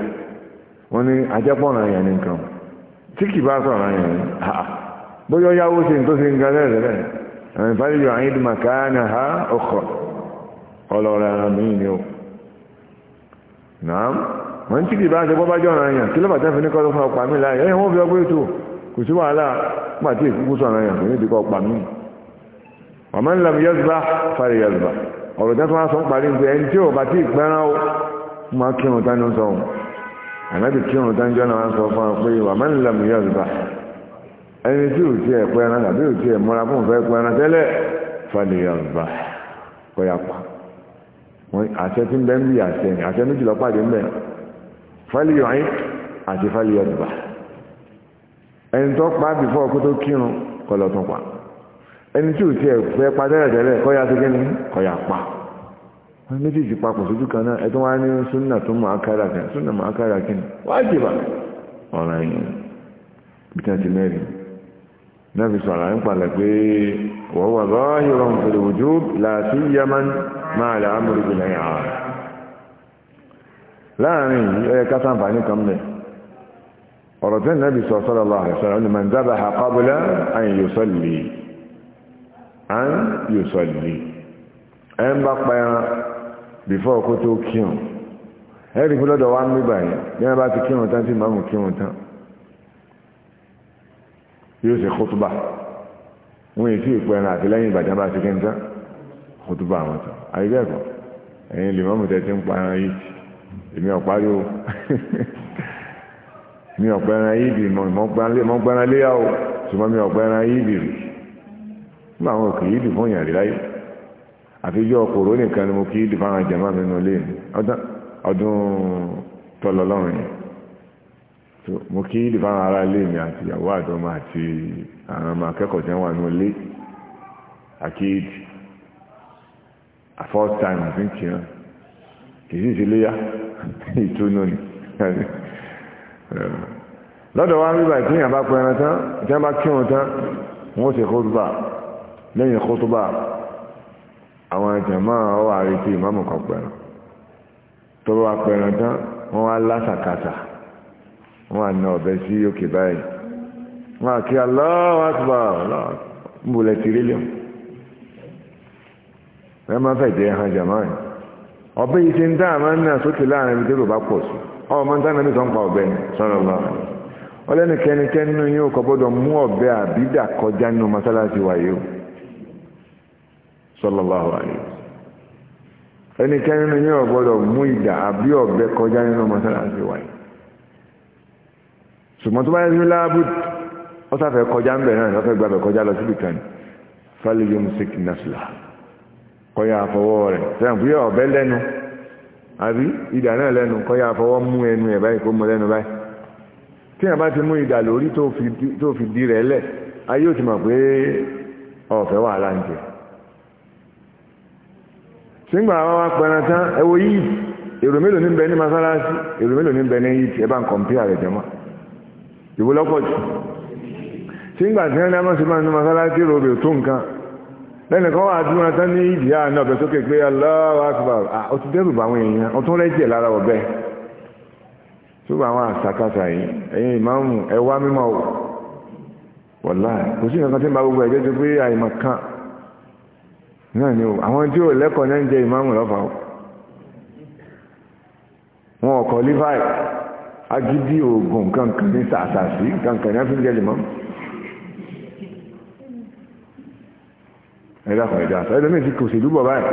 [SPEAKER 1] wọ́n ní ajẹ́pọ̀ ọ̀ràn yẹn nìkan tí kì bá sọ̀rọ̀ yẹn ha bóyá yáwó ṣe tó ṣe ń ga lẹ́rẹ̀ rẹ̀ àwọn ìfàlejò àyín ìdí màkàánà ha ọkọ̀ ọlọ́ọ̀rẹ̀ ara mi ni o wọ́n tí kì bá ṣe bọ́ bá jọ ọ̀ràn yàn kí ló bàtà fi ní kọ́lọ́ fún ọ̀pá mi láàyè ẹ̀yìn wọ́n fi ọgbẹ́ ètò kò sí wàhálà nígbà tí èkúkú sọ̀ràn yàn kò ní ìdíkọ̀ ọ̀pá mi. ọ̀mọ́ ńlá mi yẹ́sùbá fàrí yẹ́sùbá ọ̀rọ̀ jẹ́ tó wá sọ ń parí ń pé ẹni tí ò bá tí ì pẹ́ràn ó máa kírun tán ló ń sọ òun ànábì kírun tán jọ́ náà wá sọ fún fálíyọ̀ ayé àti fálíyọ̀ dùbà ẹni tó pa bìfọ́ kó tó kírun kọlọ̀ tó pa ẹni tí ò tí ẹ̀ fẹ́ pa tẹ́lẹ̀tẹ́lẹ̀ kọ́ya tó kí ni kọ́ya pa wọ́n méjèèjì papọ̀ sójú kan náà ẹ̀tọ́ wá ní súnà tó mọ̀ ákàrà kan súnà mọ̀ ákàrà kí ni wájìbà ọ̀ràn yìí bí tí wọ́n mẹ́rin náà fi sọ̀rọ̀ ń palẹ̀ pé wọ́n wà lọ́ọ́ yọ̀rọ̀ nfẹ̀lẹ̀ òjò làásì yaman máa làámùrù bìlẹ̀ yàrá láàrin yìí ẹ̀yẹ ká sáǹfààní kan mẹ́ ọ̀rọ̀ tẹ́ nàbì sọ sallallahu alaihi wasallam ni man dhabaha qabla an yusalli an yusalli ẹ̀ ń bá pa ẹran before kó tó kírun ẹ̀rí fún lọ́dọ̀ wa ń yẹn bá ti tán tí tán yóò kótóbà wọ́n yìí àti lẹ́yìn bá ti kí ń tán kótóbà tán àyíkẹ́kọ̀ọ́ lè mọ́mù ń pa èmi ọ̀parí o mi ọ̀pẹ̀ran yìí bì mọ́ gbára léyà o ṣùgbọ́n mi ọ̀pẹ̀ran yìí bì rí nígbà àwọn òkè yìí bì fún ìyàrí láyé àfijọ́ kòró nìkan ni mo kí yìí bì fáwọn jẹ̀mọ́ mi nù léyìn ọdún tọ́lọ lọ́rùn yẹn mo kí yìí bì fáwọn ará ilé àti ìyàwó àdọ́mọ àti àwọn ọmọ akẹ́kọ̀ọ́ tí wọ́n wà nù lé àkíyèdì a first time àti ń kí wọn kì í sì ṣe léyà ìtúnú ni lọ́dọ̀ wa ń rí báyìí tí èèyàn bá pẹ́ ẹran tán tí wọ́n bá kírun tán wọ́n ṣe kótóbà lẹ́yìn kótóbà àwọn jàmáà ọwọ́ àrètí ìmáàmù kan pẹ̀ràn tó bá pẹ̀ràn tán wọ́n wá lásàkàtà wọ́n wà ná ọ̀bẹ sí òkè báyìí wọ́n á kí Allahu Akbar ń bò lẹ́tìrí lẹ́wọ̀n ẹ fẹ̀ jẹ́ hàn jàmáà yìí ọ̀bẹ yìí ṣe ń dá àmà náà sókè láàrin ibi tó bá pọ̀ sí ọmọ ń dáná nítorí pa ọ̀bẹ sọ̀rọ̀ lọ ọlẹ́ni kẹ́nikẹ́ni nínú yóò kọ́ gbọ́dọ̀ mú ọ̀bẹ àbídà kọjá nínú mọ́sálásí wáyé o sọ̀rọ̀ lọ wáyé ẹnikẹ́ni nínú yóò gbọ́dọ̀ mú ìdà àbí ọ̀bẹ kọjá nínú mọ́sálásí wáyé ṣùgbọ́n tó bá yẹ kí láàbù ọ kọ́yà àfọwọ́ rẹ̀ sẹ́yìn fúyẹ́ ọ̀bẹ lẹ́nu àbí ìdà náà lẹ́nu kọ́yà àfọwọ́ mú ẹnu ẹ̀ báyìí mú lẹ́nu báyìí tí yàn bá ti mú ìdà lórí tó fi di rẹ̀ lẹ̀ ayé ò ti mọ̀ pé ọ̀fẹ́ wà láǹjẹ̀ sígbà wọn wá tán yìí èrò mélòó ní masalasi èrò mélòó ní bẹ yìí tí ẹ ń kọ̀m̀pìà rẹ̀ jẹ́ mọ́ ìwọlọ́pọ̀ masalasi lẹ́nu kan wà dúró tán ní ìdíyà náà bẹ̀ sókè pé Allahu Akbar ó ti dẹ́rù bá àwọn èèyàn ó tún rẹ́jẹ̀ lára ọ̀bẹ tó bá àwọn àṣàkáṣà yìí ẹ̀yin ìmáàmù ẹ wá mímọ́ o wọ̀lá kò sí nǹkan tí ń bá gbogbo ẹ̀jẹ̀ tó pé àìmọ̀ kan náà ni o àwọn tí ò lẹ́kọ̀ọ́ náà ń jẹ ìmáàmù lọ́fà o wọn ọ̀kọ̀ lífàì agídí oògùn kankan ní sàṣàṣì kankan ní ẹ̀dá kan ẹ̀dá sọ ẹlẹ́mìí ti kò ṣèlú bọ̀ báyìí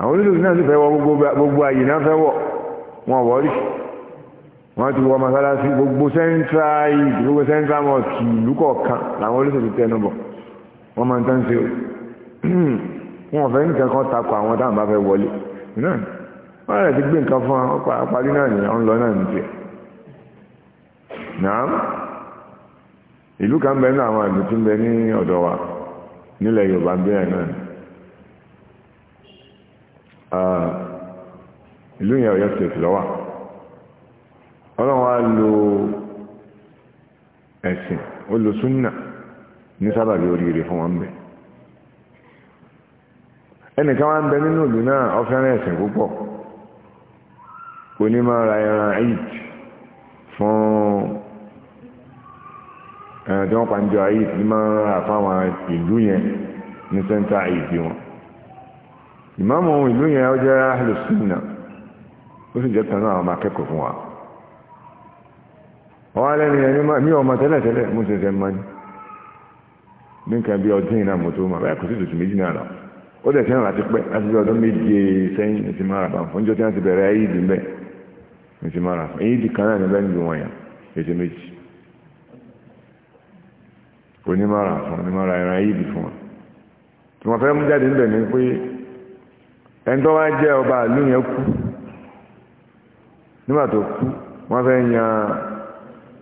[SPEAKER 1] àwọn olóṣèlú náà sì fẹ́ wọ gbogbo ààyè náà fẹ́ wọ̀ wọn wọ̀ rí wọ́n ti wọ masalasi gbogbo central yìí gbogbo central mosque ìlú kọ̀ọ̀kan làwọn olóṣèlú tẹnu bọ̀ wọ́n máa ń tán ṣe o wọn fẹ́ nǹkan kan takọ àwọn táwọn bá fẹ́ wọlé náà wọ́n rẹ̀ ti gbé nǹkan fún ọkọ̀ àparí náà ní ọ̀n náà ní tiẹ̀ náà ìlú kan bẹ ní àwọn àdùtí ń bẹ ní ọ̀dọ̀ wa nílẹ̀ Yorùbá bẹ́ẹ̀ náà ìlú yẹn Ọ̀yọ́ state lọ́wà ọlọ́run á lo ẹ̀sìn ó lo súnnà ní sábàbí oríire fún wọn bẹ̀ ẹnìkan wá ń bẹ nínú ìlú náà ọfẹ́rẹ́ ẹ̀sìn púpọ̀ onímọ̀ ra ẹran 8 fún tí wọ́n pa ń jọ ayé tí máa ń rà fáwọn ìlú yẹn ní sẹ́ńtà ìdí wọn ìmáàmù ìlú yẹn ó jẹ́ ahlùsùnà ó sì jẹ́ tanú àwọn akẹ́kọ̀ọ́ fún wa wọ́n á lẹ́nu yẹn ní ọmọ tẹ́lẹ̀tẹ́lẹ̀ mú ṣẹ̀ṣẹ̀ mọ́ ni ní nǹkan bí ọdún yìí náà mo tó mọ̀ báyìí kò sí tuntun méjì náà lọ ó dẹ̀ sẹ́yìn láti pẹ́ láti bí ọdún méje sẹ́yìn ti máa rà bá fún ọjọ́ tí wọ́n ti bẹ̀rẹ̀ ayé ìdí mbẹ́ ti máa fún ayé ìdí kan náà ní bẹ́ẹ̀ ń lu wọn yẹn ètò méjì onímọ̀ra fún onímọ̀ra ẹran yìí fún wọn tí wọ́n fẹ́ mú jáde níbẹ̀ ni pé ẹni tó wá jẹ́ ọba ìlú yẹn kú nígbà tó kú wọ́n fẹ́ yan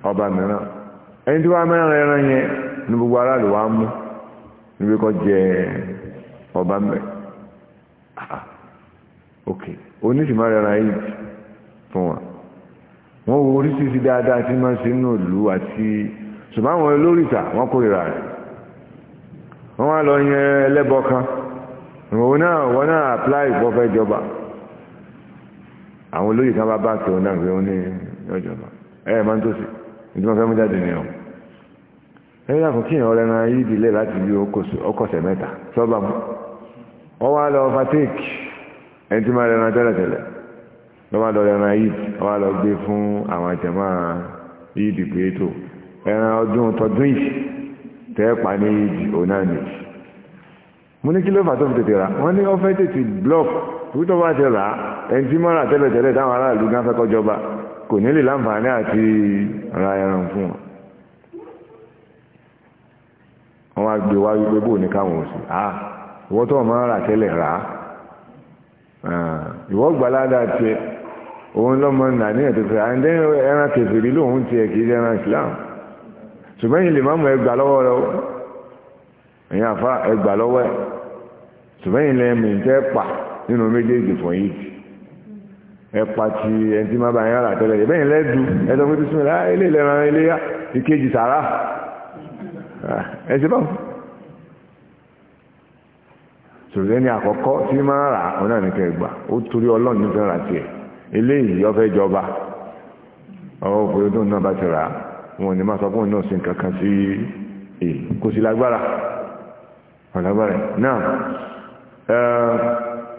[SPEAKER 1] ọba mìíràn ẹni tí wọ́n mẹ́rin ẹran yẹn ní gbogbo aráàlú wa mú níbi kọ́ jẹ ọba mẹ́ ok oníṣìmọ̀ra ẹran yìí fún wọn wọ́n wo oríṣiríṣi dáadáa tí wọ́n ṣe nínú ìlú àti ṣùgbọ́n àwọn olórìṣà wọ́n kórìíra rẹ̀ wọ́n wá lọ yẹn ẹlẹ́bọ kan òun náà wọ́n náà apply for fẹ́ jọba àwọn olóyè kan bá bá tó náà pé ó ní ọjọba ẹ máa ń tó sí ìdí wọn fẹ́ mú jáde nìyẹn ẹ yàtọ̀ kí ìyàn ọlẹ́ran yí ìdílé láti bí ọkọ̀sẹ̀ mẹ́ta sọ́ba mu wọ́n wá lọ fatake ẹni tí máa lẹ́ran tẹ́lẹ̀tẹ́lẹ̀ lọ́wọ́ lọ lẹ́ran yí wọ́n wá lọ gbé fún àwọn àjẹmọ́ yí ìdìbò ètò ẹran ọdún tọdún yìí tẹ́ẹ̀pà ní ìjì ọ̀nà nìyí mo ní kí ló fà tó fi tètè rà wọ́n ní ó tètè block tó bá ti rà ẹni tí mọ́ra tẹ́lẹ̀tẹ́lẹ̀ táwọn aráàlú gan fẹ́ kọjọba kò ní lè láǹfààní àti ra ẹran fún wọn wọ́n wá gbé wá wípé bóò ní káwọn òsì àà ìwọ́ tó wọ́n rà tẹ́lẹ̀ rà ìwọ́ gbalada tiẹ̀ òun lọ́mọ nàní ẹ̀ tó fẹ́ ẹran kẹfìrí lòun tiẹ̀ kì í ẹran Islam ṣùgbọ́n yìí lè máa mú ẹgbà lọ́wọ́ rẹ o ẹ̀yin àfa ẹgbà lọ́wọ́ ẹ̀ ṣùgbọ́n yìí lè mí tẹ́ pa nínú méjèèjì fún yìí ti ẹ pa ti ẹni tí má bá yín rà tẹ́lẹ̀ ẹ̀ bẹ́yìn lẹ́dù ẹ̀dọ́ pé bísí mi lá ah, ilé ìlera ilé yá ìkejì sàrà ah, ẹ̀ ṣe báwo. ṣùgbọ́n ẹni àkọ́kọ́ tí má rà ọ̀ náà ní kẹ́ ó torí ọlọ́run ní rà tiẹ̀ eléyìí ọ wọn ni máa sọ fún náà sí kankan sí èyí kò sí lágbára ọ̀lágbára náà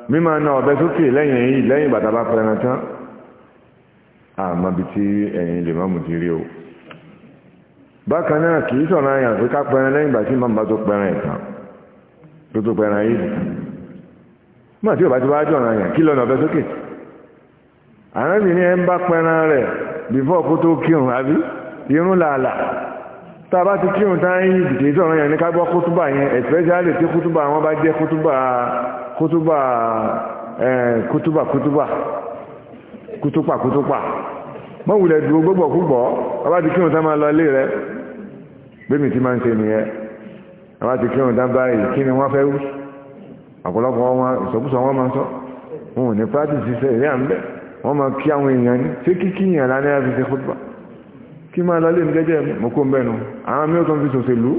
[SPEAKER 1] mímọ̀ náà ọ̀bẹ sókè lẹ́yìn èyí lẹ́yìn bàtà bá pẹran tán àmọ́ bí tí ẹ̀yìn lè má mú ti rí o bákan náà kì í sọ̀rọ̀ àyàn pé ká pẹran lẹ́yìn bàtí máa bá tó pẹran ìtàn tó tó pẹran yìí mọ̀ tí ò bá ti wá jọ̀ràn àyàn kí lọ́nà ọ̀bẹ sókè àrẹ́bìnrin ẹ ń bá pẹran rẹ̀ bífọ́ kó tó kírun àbí irun làálà tá a bá ti kírun tán yìí dìde tí ọ̀rọ̀ yẹn ní ká gbọ́ kútúbà yẹn especially tí kútúbà wọn bá jẹ́ kútúbà kútúbà kútúbà kútúbà kútúpà kútúpà mọ́wùlẹ̀ dúró gbogbo kúgbọ́ tá a bá ti kírun tán máa lọ ilé rẹ bẹ́mi ti máa ń ṣe nìyẹn tá a bá ti kírun tán báyìí kí ni wọ́n fẹ́ wí ọ̀pọ̀lọpọ̀ wọn ìsọkúsọ wọn máa sọ wọn ò ní practice iṣẹ́ à ń bẹ̀ wọ́n máa kí àwọn èèyàn ní ṣé kíkí yàn lánàá fi ṣe kútúbà kí máa lọ lè ní jẹ́jẹ́ mọ́kó ń bẹ́nu àwọn mí ó tún fi sòṣèlú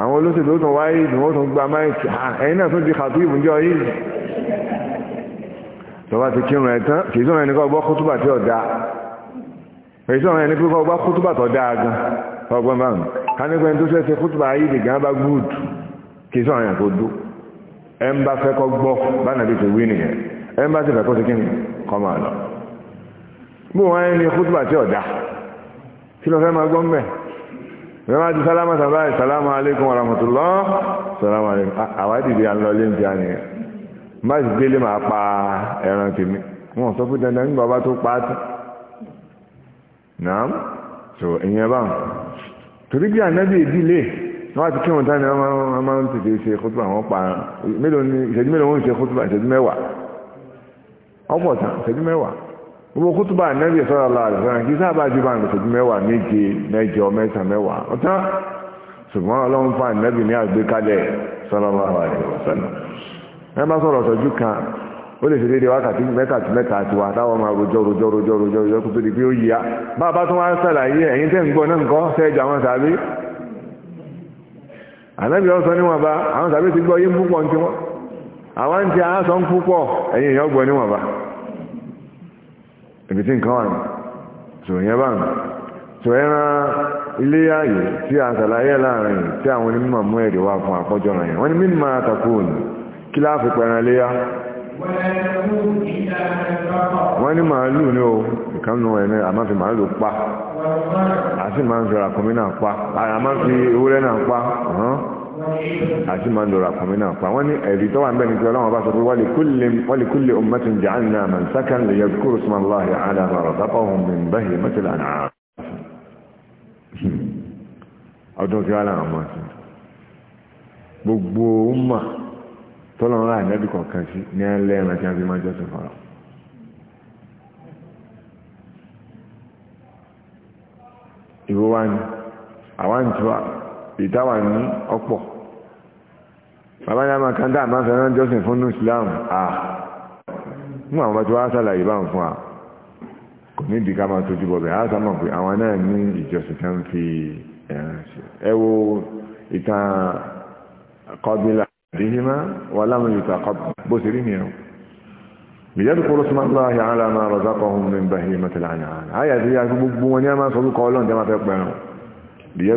[SPEAKER 1] àwọn olóṣèlú ó tún wáyé ìdùn ó tún gba máìkì ẹ̀yìn náà tún di kàtó ìbùnjọ yìí tọba ti kírun ẹ̀ tán kì í sọ̀rọ̀ ẹni kọ́ gbọ́ kútúbà tí ọ̀dà kì í sọ̀rọ̀ ẹni pé kọ́ gbọ́ kútúbà tó dáa gan ọgbọ́n bá mi kánípẹ́ tó fẹ́ ṣe kútúbà ayé ìdè gan bá gúùd kì í sọ̀rọ̀ ẹ̀yàn kó dó ẹ̀ ń bá fẹ́ kọ́ gbọ́ bánà bí ti wí nìyẹn ẹ̀ ń bá ti fẹ́ kó ti kí ni kọ́ máa lọ. bó wọn ẹni kútúbà tí ọ̀dà kí lọ fẹ́ máa gbọ́n bẹ̀ ìwé máa ti sálámà sábà ìsàlámà alékún ọ̀ràmùtòlọ́ sálámà alékún àwádìí àlọ́lé ń jà nìyẹn má sì gbélé máa pa ẹran tèmi wọn sọ fún dandan nígbà bá tó pa á tán nàám tó ìyẹn báwọn torí bí ànábì ìdílé wọ́n ti kírun tán ni wọ́n máa ń tètè ṣe kótóbà wọn pa mélòó ni ìṣẹ́jú mélòó ń ṣe kótóbà ìṣẹ́jú mẹ́wàá ọ̀pọ̀ tán ìṣẹ́jú mẹ́wàá gbogbo kútùbà nẹ́bí sọ́rọ̀ láàrín sọ́rọ̀ kí sábà jù bá nǹkan tóbi mẹ́wàá méje mẹ́jọ mẹ́ta mẹ́wàá ọ̀tá ṣùgbọ́n ọlọ́run fún ànẹ́bí ní àgbékalẹ̀ sọ́rọ̀ láàrín sọ́rọ̀ ẹ bá sọ̀rọ̀ sọ́jú kan ó lè ṣe déédéé wákàtí mẹ́ta tí mẹ́ta àti wà táwọn máa rojọ́ rojọ́ rojọ́ rojọ́ rojọ́ kó tó di pé ó yíya bá a bá tún wá sàlàyé ẹ̀yin tẹ́ ń gbọ́ náà nǹkan sẹ́ẹ̀jọ àwọn sàbí ànábì ọ̀sán níwọ̀n bá àwọn sàbí ti gbọ́ yín púpọ̀ ní tiwọn àwọn ti àásán púpọ̀ ẹ̀yin èèyàn níwọ̀n bá ibi tí nǹkan wà ní tòyẹn bá ń tòyẹn rán ilé ààyè tí a ṣàlàyé láàrin tí àwọn onímọ̀ mú ẹ̀rí wá fún àpọ́jọ́ rẹ̀ wọ́n ni mímọ̀ àtàkù òní kí láàfi pẹran léyá wọ́n ní màálù ní o ìkànnù ẹ̀nà àmá fi màálù pa a sì ń fi ràkúnmí náà pa a fi ewúrẹ́ náà pa àti máa ń dọ̀rọ̀ àkànmí náà pa wọ́n ní ẹ̀rí tó wà ń bẹ́ni pé ọlọ́wọ́n bá sọ pé wọ́n lè kúlè ummatin ja'alna man sakan lè yẹ kúrò sí aláhi àdàbà rọ̀dápọ̀ ohun mi báyìí mẹ́tìlá náà ọdún tí wọ́n láwọn mọ́ sí gbogbo ọmọ tọ́lọ́run láì nẹ́bí kọ̀ọ̀kan sí ní ẹlẹ́rìn tí wọ́n máa jẹ́ sí fọ́lọ́ ìwọ wa ni àwa ń tura ìta ní ọ̀pọ̀ bàbá ní àmà kan dáàmà fẹ́ràn jọ́sìn fún ní islam àà mú àwọn bàtí wá sàlàyé bá ń fún à kò ní ìdí ká máa tójú bọ̀bẹ̀ á sá mọ̀ pé àwọn náà ní ìjọsìn kan fi ẹ̀ràn ṣe ẹ wo ìtàn kọbílà àdéhìmá wà láwọn ìta kọbí bó ṣe rí ni ẹ̀rọ ìyẹ́dù kúrò sí máa ń láàyè aláàmà rọ̀dá kan hún ní ìbáhì mẹ́tẹ̀lá àyà àyà àti ìyá gbogbo wọn ní a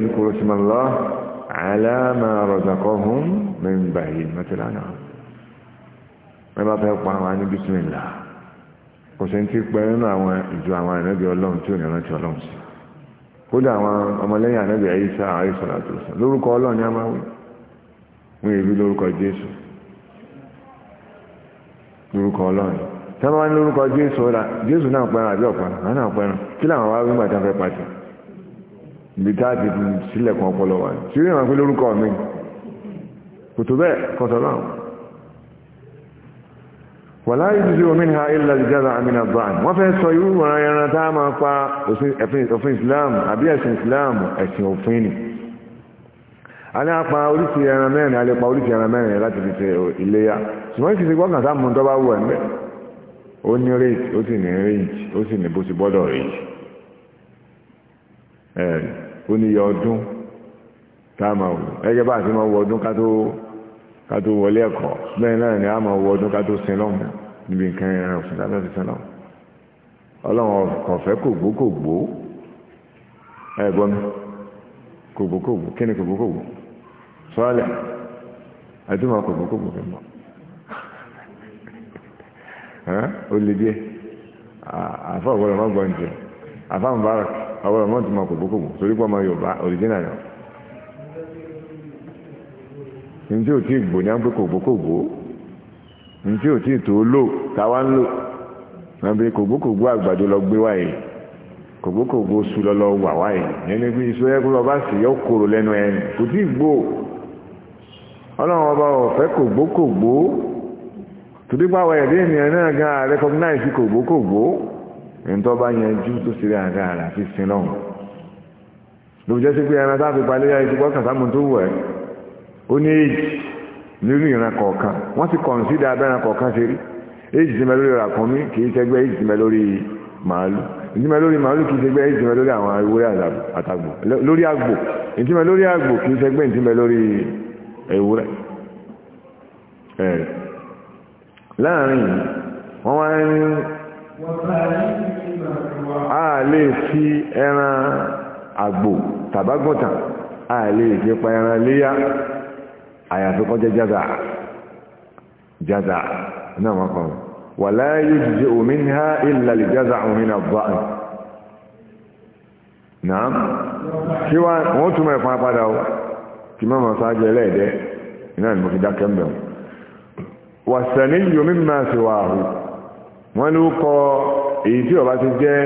[SPEAKER 1] máa sọ على ما رزقهم من بهيمة الأنعام ẹ fẹ́ pa àwọn kò sí ti pẹ́ nínú àwọn ìjọ àwọn ọlọ́run tí ò ní ọlọ́run sí kódà àwọn ọmọlẹ́yìn lórúkọ ọlọ́run lórúkọ jésù lórúkọ ọlọ́run tí ní lórúkọ jésù ọ̀la jésù náà pẹ́ràn àbí ọ̀pẹ́ràn ibi tá a ti sílẹ̀ kan ọpọlọ wa tí ó yàn pé lórúkọ mi kò tó bẹ́ẹ̀ kọsọ̀ náà wà láyé tí omi ha ilẹ̀ ìjára àmìnà báyìí wọ́n fẹ́ sọ irú wọn ẹran tá a máa pa òfin islam àbí ẹ̀sìn islam ẹ̀sìn òfin ni a ní apá oríṣi ẹran mẹ́rin a lè pa oríṣi ẹran mẹ́rin láti fi ṣe iléyà ṣùgbọ́n ìṣiṣẹ́ gbọ́kàn sáà mú tó bá wù ẹ̀ ń bẹ̀ ó ní réèjì ó sì ní réèjì ó sì ní bó ti gbọ́dọ̀ réèjì ó ní iye ọdún táàmà wò ẹgẹ́ bá àti máa wọ ọdún ká tó wọlé ẹ̀kọ́ bẹ́ẹ̀ náà ni a máa wọ ọdún ká tó sin lọ́hùn níbi nǹkan ẹ̀rọ òfin lábẹ́ òfin sin lọ́hùn ọlọ́run ọ̀fẹ́ kògbókògbó ẹ̀gbọ́n mi kògbókògbó kí ni kògbókògbó sọ́ọ̀lẹ̀ àdúmọ̀ kògbókògbó fi mọ́ ó lè díẹ̀ àfọ̀ ọ̀gbọ́n ọ̀gbọ́n jẹ àfọ̀ mùbáràkì àwọn ọmọ tó máa kò bókò torí pọ́ ọmọ Yorùbá original náà njẹ́ ò tí ì gbò ní àpé kò bókò gbò njẹ́ ò tí ì tó lò táwa ń lò àbí kò bókò gbò àgbàdo lọ gbé wáyé kò bókò gbò su lọ lọ wà wáyé yẹn ni pé iṣu ẹ kó lọ bá sì yọ kóró lẹ́nu ẹ kò tí ì gbò ọlọ́run ọba ọ̀fẹ́ kò bókò gbò torí pàwọ̀ ẹ̀dẹ́ ènìyàn náà gan recognize kò bókò ntọ́ bá yanjú tó siri dáadáa àrà fi sin lọ́wọ́ lóbi jẹ́ sí pé ẹran táàfi palẹ́ yá ìdúgbò kàtàmù tó wọ̀ ẹ́ ó ní èjì nínú ìran kọ̀ọ̀kan wọ́n ti kọ̀ǹsídà abẹ́ran kọ̀ọ̀kan ṣe rí èjì ti mẹ lórí ràkúnmí kì í ṣẹgbẹ́ èjì ti mẹ lórí màálù ìdímẹ lórí màálù kì í ṣẹgbẹ́ èjì ti mẹ lórí àwọn ewúrẹ́ àtàgbò lórí àgbò lórí àgbò kì í ṣẹgbẹ́ lórí ewúrẹ́ láàrin wọ́n
[SPEAKER 2] a lè fi ẹran
[SPEAKER 1] àgbò tàbágùntàn a lè fi pa ẹran léyà àyàfi kó jẹ́ jaza jaza náà wọ́n kọ́ wala yujzi'u minha illa al-jaza'u min ad-da'n náà kí wọ́n túnmọ̀ ẹ̀fọn apádà ó kí mọ́mọ́ sáájú ẹlẹ́ẹ̀dẹ́ iná ni mo fi dákẹ́ mbẹ̀ wọ́n sẹ̀ ní yomi máa ṣe wà áhù wọ́n ló kọ́ èyí tí ó bá ti jẹ́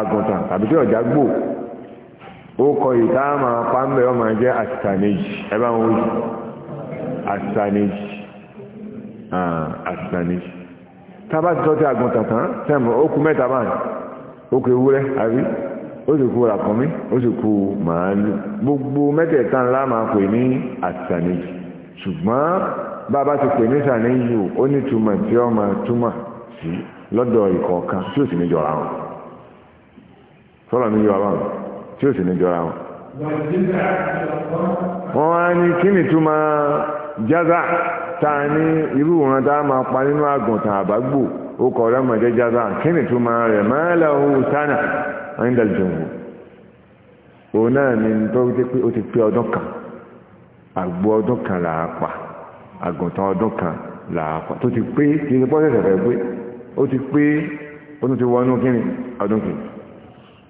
[SPEAKER 1] àgùntàn tàbí tí ọ̀já gbò ó kọ ìta máa pa ń bẹ̀ ọ máa jẹ́ àtìsànèjì ẹ bá wọn wí àtìsànèjì ah, àtìsànèjì tábà ti sọ ti àgùntàn tán tẹ́mù ó kú mẹ́ta báyìí ó kú ewúrẹ́ àbí ó sì kú ràkúnmí ó sì kú màálù gbogbo mẹ́tẹ̀ẹ̀ta ńlá máa pè ní àtìsànèjì ṣùgbọ́n bá a bá ti pè ní sànèjì ó ní túmọ̀ tí ọ túmọ̀ sí. lọ́dọ̀ ìkọ̀ọ̀kan tí ó sì ní jọra wọn sọ́rọ̀ mi tí ó sì ní jọra wọn. wọ́n ní kí ni túmọ̀ jáza tá a ní irú wọn tá pa nínú àgùntàn àbágbò ó kọ̀ ọ̀rẹ́ mọ̀ kí ni túmọ̀ rẹ̀ mẹ́lẹ̀ lẹ́hu sánà òun náà tó kan àgbo kan là á pa àgùntàn kan là á pa tó ti pé kí ni fẹ́ ó ti pé ó tún ti wọnú kíni ọdún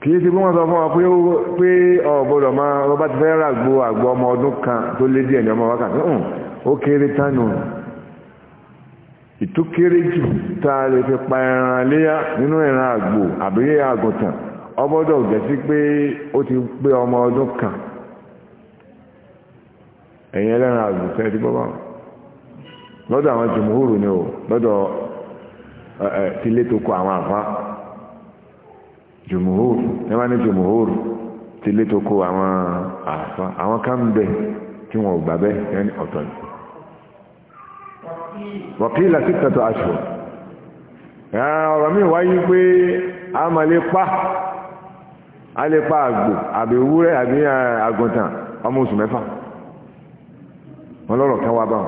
[SPEAKER 1] kìí ti fún sọ fún pé ọ̀bọ̀dọ̀ ma ọba ti fẹ́ ràgbó ọmọ ọdún kan tó lé díẹ̀ ní ọmọ wákàtí ó kéré tánù ìtókéré jù ta a lè fi pa ẹran léyà nínú ẹran àgbò ọmọ ọdún kan ẹlẹ́ran ti bá lọ́dọ̀ ni o lọ́dọ̀ ti létò kọ àwọn àfa jùmùhóòrù ẹ máa ní jùmùhóòrù ti létò kọ àwọn àfa àwọn kan bẹ tí wọn ò gbà bẹ yẹn ní ọ̀tọ̀ ni. wàkìlà sí tẹ̀tọ̀ aṣọ ọ̀rọ̀ mi wáyé pé a máa lè pa a lè pa àgbò àbí ewúrẹ́ àbí àgùntàn ọmọ oṣù mẹ́fà wọn lọ́rọ̀ kan báwọn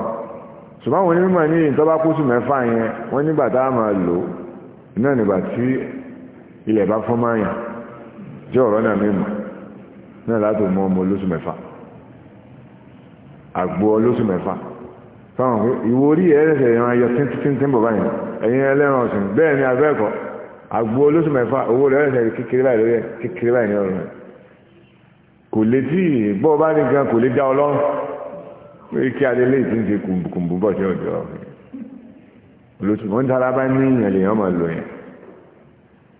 [SPEAKER 1] ṣùgbọ́n àwọn onímọ̀ ní ìtọ́bá kóṣù mẹ́fà yẹn wọ́n nígbà tá a máa lò náà nígbà tí ilẹ̀ bá fọ́n máa yàn jẹ́ ọ̀rọ̀ náà mímọ̀ náà látò mọ́ ọmọ olóṣù mẹ́fà àgbo olóṣù mẹ́fà fáwọn pé ìwo orí ẹ̀rẹ́sẹ̀ ìran ayọ tíntíntín bọ̀ báyìí ẹ̀yin ẹlẹ́ran ọ̀sìn bẹ́ẹ̀ ni abẹ́ẹ̀kọ́ àgbo olóṣù mẹ́fà owó rẹ̀ ẹ̀rẹ́sẹ̀ kékeré báyìí lórí ẹ̀ kékeré báyìí ní ọ̀rọ̀ rẹ̀ kò lè tí bọ́ọ̀ bá nìkan kò lè dá ọlọ́run pé kí adélé tí ń ṣe kùmbùkùmbù bọ̀ sí ọ̀dọ̀ olóṣù wọn tara bá ní ìyẹn lèèyàn máa lò yẹn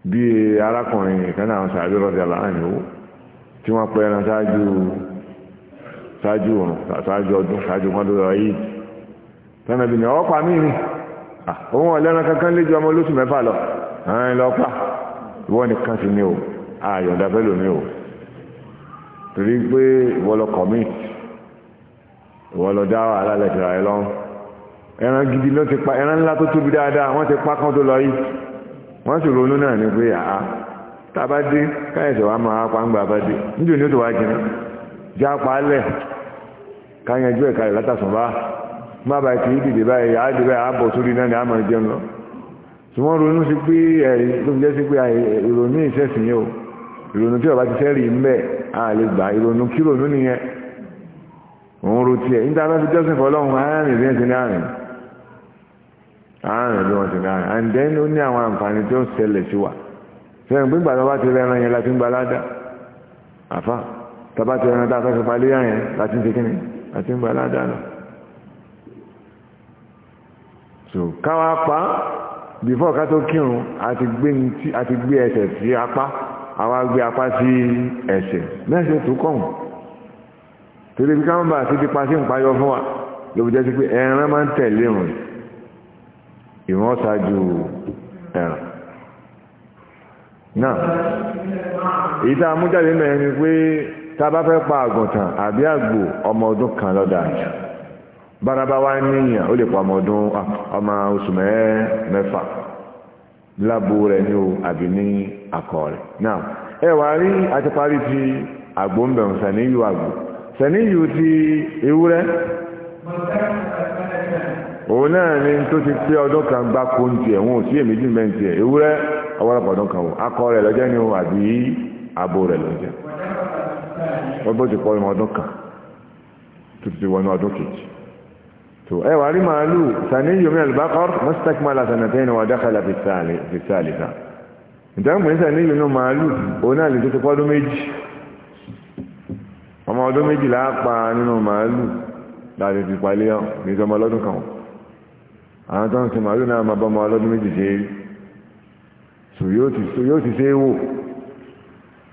[SPEAKER 1] bí arákùnrin kan náà ṣáájú lọ́dẹ láàrin owó tí wọ́n pẹ́ ẹran ṣáájú ṣáájú òrùn ṣáájú ọdún ṣáájú kan tó lọ yìí tọ́nà bí ní ọ̀pá mí ni ah, òun ọ̀lẹ́ran kankan lé ju ọmọ olóṣù mẹ́fà lọ ẹ̀rín lọ́pàá ìwọ nìkan sí ni o ayọ̀dá fẹ́ lómi o torí pé ìwọ lọ kọ̀ míì ìwọ lọ dá wàhálà lẹ́tìrà ẹ lọ́rùn ẹran gidi ló ti pa ẹran ńlá tó tóbi dáadáa wọ́n ti pa kán tó lọ yìí wọ́n sì ronú náà ni pé àá tá a bá dé káyọ̀sẹ̀ wa máa pa ń gbà bá dé níjò ní ó ti wá jìnnà já pa á lẹ̀ káyanjú ẹ̀ka rẹ̀ látàsùn bá má bàa kì í dìde báyìí àá dìde báyìí àbọ̀ sórí náà ni a máa jẹun lọ tí wọ́n ronú sí pé ẹ̀rí ló fi jẹ́ sí pé ìrònú ìṣẹ̀sìn yìí o ìrònú tí ọba ti fẹ́ rí ń bẹ́ẹ̀ àá lè gbà ìrònú kírònú nìyẹn òun ro tiẹ̀ níta bá fi jọ́sìn fọlọ́run àárín bí wọ́n ti ní àárín àárín bí wọ́n ti ní àárín and then ó ní àwọn àǹfààní tí ó ṣẹlẹ̀ sí wa sẹ́yìn pé gbàdọ́ bá ti rẹran yẹn láti ń gba ládà àfa tàbá ti rẹran tá a so káwa pa bífọ̀ ká tó kírun àti gbé ẹsẹ̀ sí apá àwa gbé apá sí ẹsẹ̀ mẹ́sẹ̀ tó kọ̀wọ̀n torí bí káwọn bá àti ti pa sí ìpayọ fún wa ló fi jẹ́ sí pé ẹran máa ń tẹ̀lé ìrùn ìrùn ṣáájú ẹran náà èyí tá a mú jáde mẹ́rin ni pé tá a bá fẹ́ pa àgùntàn àbí àgbò ọmọ ọdún kan lọ́dà báraba níyàn ó lè pa ọmọ ọdún ah, ọmọ oṣù mẹ́fà lábo rẹ̀ ní o àbí ní akọ rẹ̀ náà ẹ wàá rí àti parí ti àgbò ń bẹ̀rù sàn àgbò sẹ̀ní yìí ti ewúrẹ́ òun náà ni tó ti pé ọdún kan gbá kó ń tiẹ̀ wọn ò sí èméjì mẹ́ǹtì ẹ̀ ewúrẹ́ ọwọ́lọpọ̀ ọdún kan wò akọ rẹ̀ lọ́jọ́ ni o àbí abo rẹ̀ lọ́jọ́ wọ́n bó ti kọ́ ọmọ ọdún kan tó ti wọnú ọdún kejì tó ẹ wà rí màálù sani yomi alibakar mustakmala sanatẹ́ni wà dákàlà fi sáàlì ta ǹjẹ́ mú sani yomi màálù òun náà lè tó ti kọ́ ọdún méjì ọmọ ọdún méjìlá pa nínú màálù láti fi palẹ́ ọ́ ní ìjọba ọlọ́dún kan àwọn tó ń sin màálù náà máa bọ́ ọmọ ọlọ́dún méjì ṣe é so yóò ti ṣe é wò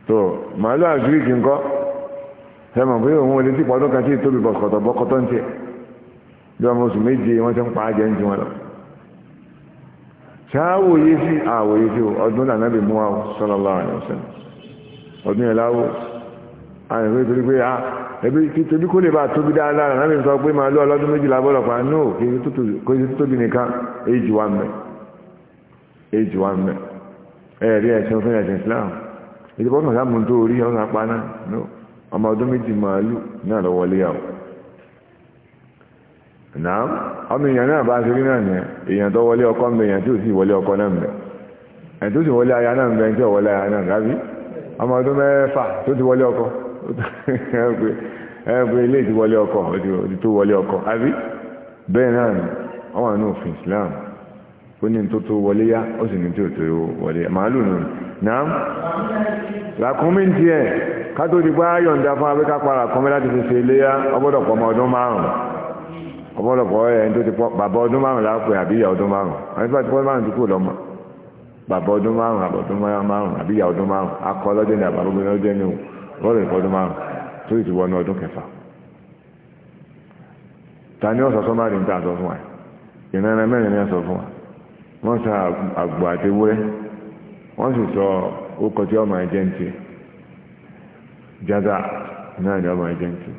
[SPEAKER 1] tó màálù àgíríkì ńkọ́ ẹ mọ̀ pé òun olè dípò ọdún kan tí tóbi bọ̀kọ̀tọ̀ bọ́kọ̀tọ̀ ń tiẹ̀ bí ọmọ oṣù méje wọ́n ti ń pa ajẹ́ ń ti wọn lọ ṣááwòye sí àwòye sí ọdún lànà ọdún yẹn àìsàn torí pé ah ẹbí tóbi kó lè bá tóbi dáadáa náà mi sọ pé máa lọ ọlọ́dún méjìlá bọ́lọ̀ pa no kì í kó ṣe tóbi nìkan éjì wa mẹ́ éjì wa mẹ́ ẹ̀rí ẹ̀sìn fún ẹ̀sìn Islam ìdíbọ́ kan sáà mú tó orí ọ̀sán pa náà no ọmọ ọdún méjì màálù náà lọ wọlé yàwó náà ọmọ èèyàn náà bá ṣe rí náà yẹn èèyàn tó wọlé ọkọ mẹ èèyàn tí ò sì wọlé ọkọ náà mẹ ẹgbẹ́ ilé ti wọlé ọkọ ọdí tó wọlé ọkọ àbí bẹ́ẹ̀ náà ni wọ́n wà ní òfin Islam ó ní tó tó wọlé yá ó sì ní tí ò tó wọlé màálù nù náà làkúnmí ti ẹ̀ ká di pé fún abẹ́ká láti fi ṣe ọmọ ọdún márùn-ún tó ti pọ̀ bàbá ọdún márùn-ún lápẹ̀ àbí ìyá ọdún márùn-ún akọ ni lọ́dọ̀ ìfọdún márùn tó ti wọnú ọdún kẹfà ta ni ọ̀sọ̀ sọ́mọ́ àdìntà sọ fún wa ìrìnà mẹ́rin ni a sọ fún wa wọ́n sa àgbò àti wúrẹ́ wọ́n sì sọ ókọ̀ tí ọmọ ẹ̀jẹ̀ ń ti jaza náà ni ọmọ ẹ̀jẹ̀ ń ti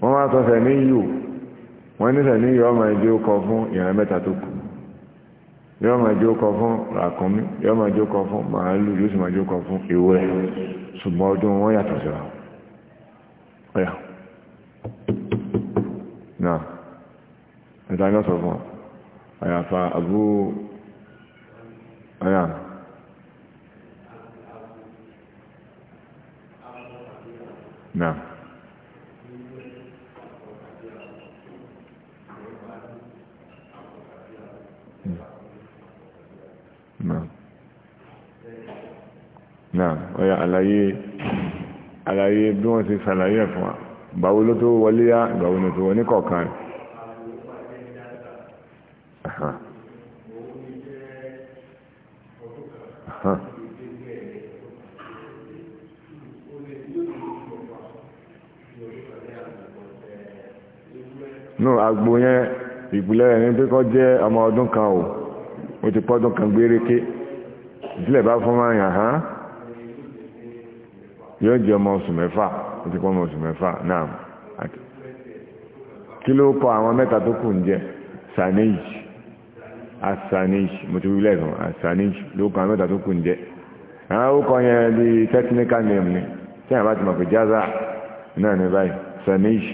[SPEAKER 1] wọ́n wá sọ sẹ̀ ní yù wọ́n ní sẹ̀ ní yù ọmọ ẹ̀jẹ̀ ó kọ fún ìrìnà mẹ́ta tó kù yọ́mọ̀ ẹ̀jẹ̀ ó kọ fún ràkúnmí yọ́mọ̀ ẹ̀jẹ̀ ó kọ fún màálù yóò sì máa ẹ̀jẹ̀ ó kọ fún ewúrẹ́ ṣùgbọ́n ọdún wọn yàtọ̀ síra ọ̀yà náà ẹ̀dá ní ọ̀sọ̀ fún àyàfà àbú ọ̀yà náà No náà ọ̀yà àlàyé àlàyé bí wọ́n ti sàlàyé ẹ̀ fún wa ìgbàwó ló tó wọlé yá ìgbàwó ló tó wọlé kọ̀ọ̀kan nù àgbò yẹn ìpìlẹ̀ rẹ̀ pé kọ́ jẹ́ ọmọ ọdún kan ò ó ti pọ́dún kan gbéréké ìdílẹ̀ bá fún máa yàn án yóò jẹ́ ọmọ oṣù mẹ́fà ó ti pọ́ ọmọ oṣù mẹ́fà náà kí ló kọ àwọn mẹ́ta tó kù ń jẹ́ sanéjì asanéjì mo ti wí lẹ́ẹ̀kan asanéjì ló kọ àwọn mẹ́ta tó kù ń jẹ́ àwọn orúkọ yẹn bí technical name ni tí àwọn bá ti mọ̀ pé jaza náà ní báyìí sanéjì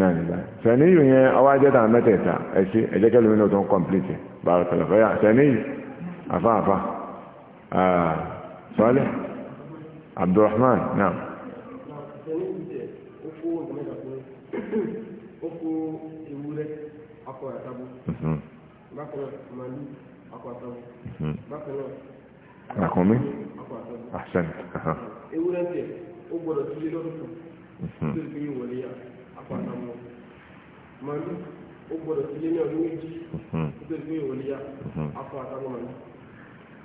[SPEAKER 1] náà ní báyìí sanéjì yẹn ọwọ́ ajẹ́ tàwọn mẹ́tẹ̀ẹ̀ta ẹ̀sìn ẹ̀jẹ̀ kẹ́lẹ́ mi náà tó ń complete bàrọ̀ tẹ̀lẹ̀ fẹ́yà sanéjì àfáàfáà ah, sọ́ọ́lẹ̀ abdulrahman naam. Àkànmí? Àṣẹ́n. Ewúrẹ́ tẹ̀, ó gbọ́dọ̀
[SPEAKER 2] Màálù, ó gbọ́dọ̀ tí lé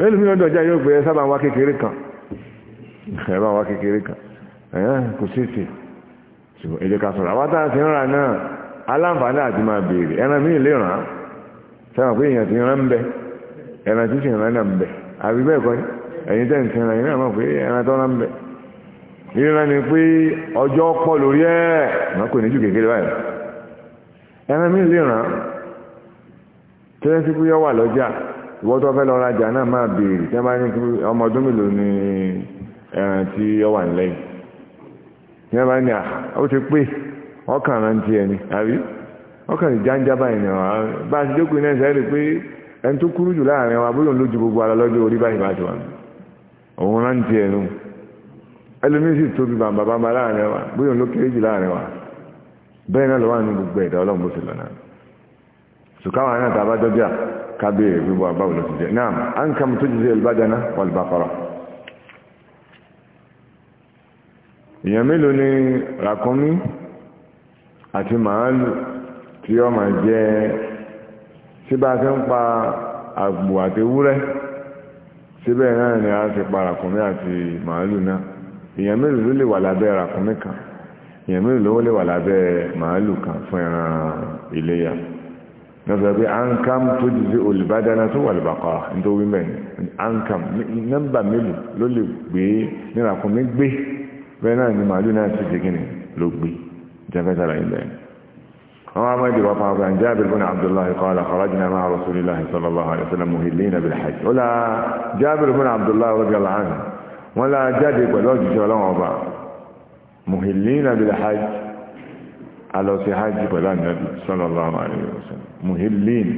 [SPEAKER 1] lẹ́nu mi lọ́dọ̀ ọjà yóò gbé ẹ sábà wá kékeré kan ẹ wá kékeré kan ẹ kò sí sí ṣùgbọ́n ẹ ká sọ̀rọ̀ ti ń náà aláǹfààní àti máa ẹran mi lè ràn án sábà pé èèyàn ti ń bẹ ẹran tí náà ń bẹ àbí bẹ́ẹ̀ kọ́ ń ti ràn yín pé ẹran tó ràn ń bẹ ìrìnà ni pé ọjọ́ pọ̀ lórí ẹ̀ kò ní ju kékeré ìwọ́n tó fẹ́ lọ rajà náà máa béèrè tí ní ọmọ ọdún mélòó ni ẹran tí ó wà nílẹ̀ tí wọ́n bá ní ah, ó ti pé ọkàn rántí ẹni àbí ọkàn ìjáńjá báyìí nìyẹn bá a ti jókòó náà pé ẹni tó kúrú jù láàrin wa bóyá gbogbo ara lọ́jọ́ orí báyìí bá ti wà òun ẹlòmíín sì tóbi bàbá bàbá láàrin wa bóyá jù láàrin wa bẹ́ẹ̀ náà lọ́wọ́ kábíyè gbogbo àbáwò ló ti jẹ́ náà an kam tó jíze albádana walbaqara èèyàn mélòó ni ràkúnmí àti màálù tí ó máa jẹ tí bá ti ń pa àgbò àti wúrẹ́ síbẹ̀ náà ni a ti pa ràkúnmí àti màálù náà èèyàn mélòó ló lè wà lábẹ́ ràkúnmí kan èèyàn mélòó ló lè wà lábẹ́ màálù kan fún ẹran iléyà lọ́sọ̀rọ̀ pé ankam tó jìzí olùbádàna tó wà lùbàkọ́ nítorí wímẹ̀ ankam nọ́mbà mélòó ló lè gbé níràkùn mi gbé bẹ́ẹ̀ náà ni màálù náà ti jẹ́gìn ní ló gbé jẹ́fẹ́sára ilẹ̀ àwọn amáyédè wà fáwọn àgbà jábìr bin abdullahi qala kharajna ma'a rasulillahi sallallahu alaihi wasallam muhillina bil hajj ó la jábìr bin abdullahi radiyallahu anhu wọn la jáde pẹ̀lú òjijì ọlọ́wọ́n ọba muhillina bil hajj alọ́sí hajji pẹ̀lú ànábì sallallahu alaihi wasallam muhillin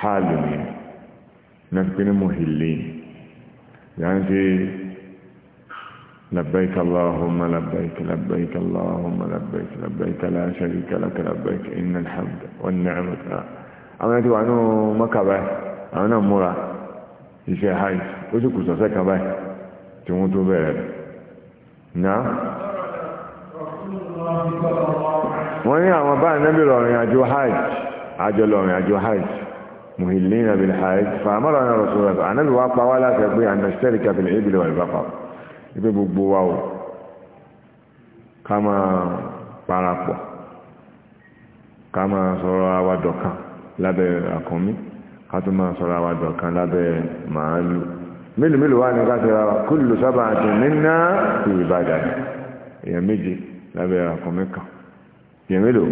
[SPEAKER 1] hálù ni na fi ní muhillin ya ń fi labbaik allahumma labbaik labbaik allahumma labbaik labbaik la sharika laka labbaik innal hamda wan ni'mata àwọn ẹni tí wà ní maka báyìí àwọn náà múra iṣẹ́ hajj ó sì kù sọ̀sẹ́ kan tí wọ́n tó bẹ̀rẹ̀ náà
[SPEAKER 2] wọ́n ní àwọn bá ànábì lọ́rin àjò hajj àjọ lọ́rin àjò hajj
[SPEAKER 1] muhillina bil hajj fàmọ́ra náà rọ̀sọ̀rọ̀ sọ ànábì wá pa wá láti pé ànàṣẹ́rì kàfil ibil wal baqar ibi gbogbo wa o ká máa parapọ̀ ká máa sọ̀rọ̀ àwa dọ̀kan lábẹ́ àkànmí ká tó máa sọ̀rọ̀ àwa dọ̀kan lábẹ́ màálù mélòó mélòó ní ká sọ̀rọ̀ kullu sab'atin minna fi ìbàdàn èèyàn méje lábẹ́ àkànmí kan èèyàn mélòó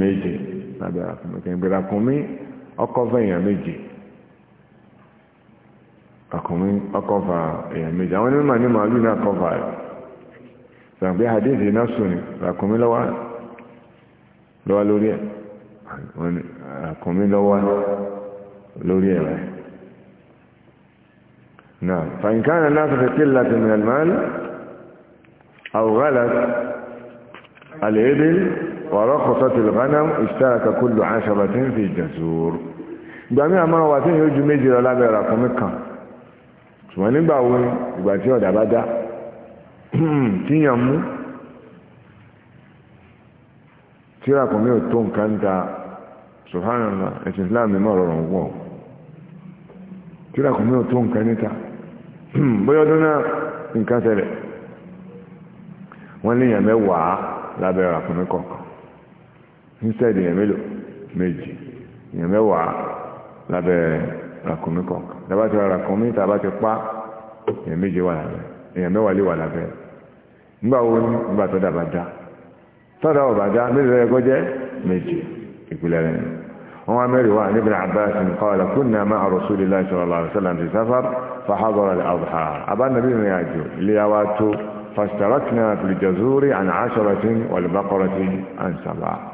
[SPEAKER 1] méje lábẹ́ ràkúnmí kẹ̀ǹgbẹ́ ràkúnmí ọkọ̀ fẹ́ èèyàn méje ràkúnmí ọkọ̀ fà èèyàn méje àwọn onímọ̀ ní màálù náà kọ̀ fà rẹ̀ sàgbé àdéhìí náà sùn ní ràkúnmí lọ́wọ́ lórí ẹ̀ ràkúnmí lọ́wọ́ lórí ẹ̀ rẹ̀ نعم فإن كان الناس في قلة من المال أو غلت الإبل ورقصت الغنم اشترك كل عشرة في جزور gbàmí àmọ́ wa tí yóò ju méjì lọ lábẹ́ ra kan mẹ́kan ṣùgbọ́n nígbà wo ìgbà tí ọ̀dà bá dá tíyàn mú tí ràkùn mi ò tó nǹkan ta subhanallah ẹ̀sìn islam mi mọ̀ rọrùn wọ̀ tí ràkùn mi ò tó nǹkan níta bóyá ọdún náà nǹkan ṣẹlẹ̀ wọ́n léèyàn mẹ́wàá lábẹ́ ràkùn mi kọ̀ọ̀kan instead èèyàn mélòó méjì èèyàn mẹ́wàá lábẹ́ ràkúnmí kọ̀ọ̀kan tàbá ti ra ràkúnmí tàbá ti pa èèyàn méje wà lábẹ́ èèyàn mẹ́wàá wà lábẹ́ nígbà wo ni nígbà tọ́dà bá dá tọ́dà ò bá dá méjì lọ́yẹ kó jẹ́ méjì ìpìlẹ̀ rẹ̀ ni wọ́n wá mẹ́rin wá ní ibn Abbas qala kunna ma'a rasulillahi sallallahu alaihi wasallam fi safar fa hadara al-adha abánabi rìn فاشتركنا في الجزور عن عشرة والبقرة عن سبعة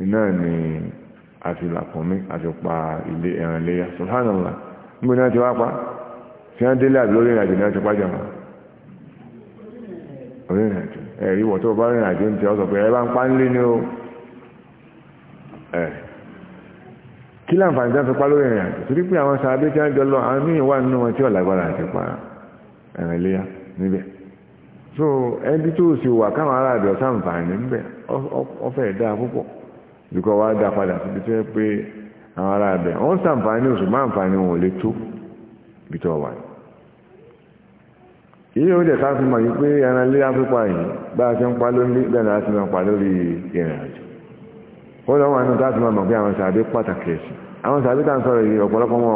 [SPEAKER 1] iná ni àti làkùnmí àti pa ilé ẹran léyà subhanallah níbo ni ti wá pa tí wọ́n délé àbí lórí ìrìnàjò ni ti pa jàmá orí ìrìnàjò ẹ̀rí wọ̀ tó bá ìrìnàjò ń tẹ ọ́ sọ bá ń pa o kí láǹfààní tá a fi pa lórí torí pé àwọn jọ lọ àwọn míì wà nínú wọn tí pa ẹ̀rìn níbẹ̀ so ẹbí tó sì wà káwọn aráàlú dùkọ̀ wá dá padà síbi tó yẹ pé àwọn ará abẹ wọ́n sàǹfààní oṣù máa ǹfààní wọn ò lè tó bí tó wà ilé oúnjẹ ká fi mọ̀ yí pé ẹran lé afẹ́pá yìí bá a ṣe ń pa lórí bẹ́ẹ̀ láti máa pa lórí ìrìn àjò ó lọ wọn máa mọ̀ pé àwọn sàbí pàtàkì ẹ̀sìn àwọn sàbí tá à ń sọ̀rọ̀ yìí ọ̀pọ̀lọpọ̀ wọn o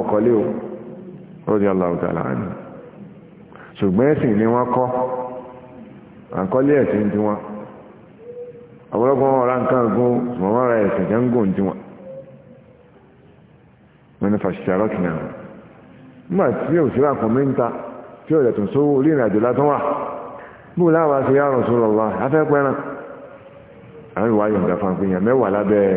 [SPEAKER 1] ó di tó ṣùgbọ́n ẹ̀sìn ni ọ̀pọ̀lọpọ̀ wọn ọ̀rá nǹkan gún ṣùgbọ́n wọn ra ẹ̀sìn jẹ́ ń gùn tí wọn wọn ni fàṣìṣà nígbà tí yóò síra kan mẹ́ta tí yóò yẹ̀tùn sówó orí ìrìnàjò látọ́ wà bó wa afẹ́ àwọn ìwà yọ̀ǹda mẹ́wàá lábẹ́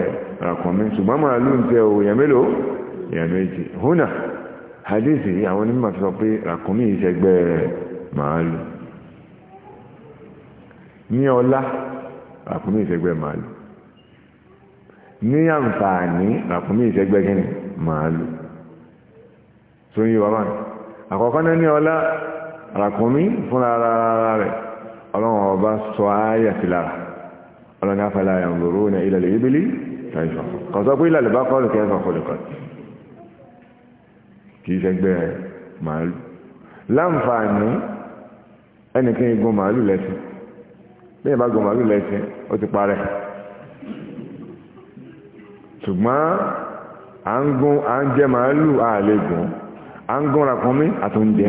[SPEAKER 1] ràkúnmí ìṣẹ́gbẹ́ màálù ní àǹfààní ràkúnmí ìṣẹ́gbẹ́ kí ni màálù tó ń yí wa báyìí àkọ́kọ́ náà ní ọlá ràkúnmí fúnra ara rẹ̀ ọlọ́run ọba sọ ayà sí lára ọlọ́run afẹ́lá ìrànlọ́rọ́ ní ilẹ̀ ìbílí kẹfà kọ̀sọ́ pé ilẹ̀ ìbá kọ́lù kẹfà kọlùkọ̀ ẹnìkan igun màálù lẹ́sìn bẹ́ẹ̀ bá gọ̀mọ̀ àbílẹ̀ ẹ̀sìn ó ti parẹ́ ṣùgbọ́n à ń gún à ń jẹ màálù àlẹ́gùn à ń gúnra kan mí àtúnjẹ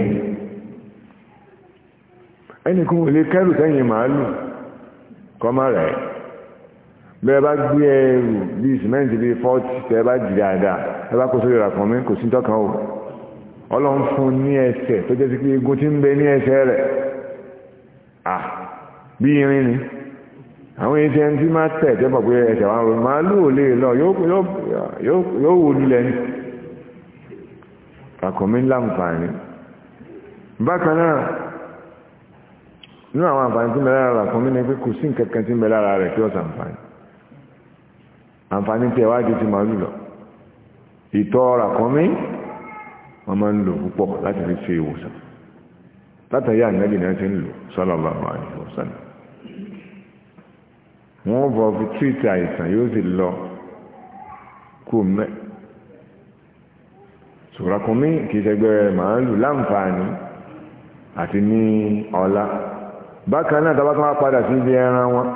[SPEAKER 1] ẹnìkan ò lè kẹ́rù sẹ́yìn màálù kọ́mọ rẹ̀ bẹ́ẹ̀ bá gbé ẹrù bíi sìmẹ́ǹtì bíi fọ́ọ̀tì tẹ́ bá jì dáadáa ẹ bá kó sórí ra kan mí kò sí tọ́kan o ọlọ́run fún ní ẹsẹ̀ tó jẹ́ sí pé egun ti ń bẹ ní ẹsẹ̀ rẹ̀ bí irin ni àwọn ẹni tí ẹni tí máa tẹ̀ tẹ́ bọ̀ pé ẹsẹ̀ wa màálù ò lè lọ yóò wò lulẹ̀ ni àkọ́mí ńlá nǹkanì bákan náà nínú àwọn àǹfààní tí ń bẹ lára àkọ́mí ni pé kò sí nǹkan kan tí ń bẹ lára rẹ̀ tí ó sàǹfààní àǹfààní tí ẹwà jù ti màálù lọ ìtọ̀ àkọ́mí wọ́n máa ń lò púpọ̀ láti fi ṣe ìwòsàn látàrí ànábì náà ti ń lò sallallahu alaihi wasallam wọ́n bọ̀ fi tíìtì àìsàn yóò sì lọ kó mẹ́ sùràkùnmí kì í ṣẹgbẹ́ màálù láǹfààní àti ní ọlá bákan náà tàbá tó wá padà sí ibi ẹran wọn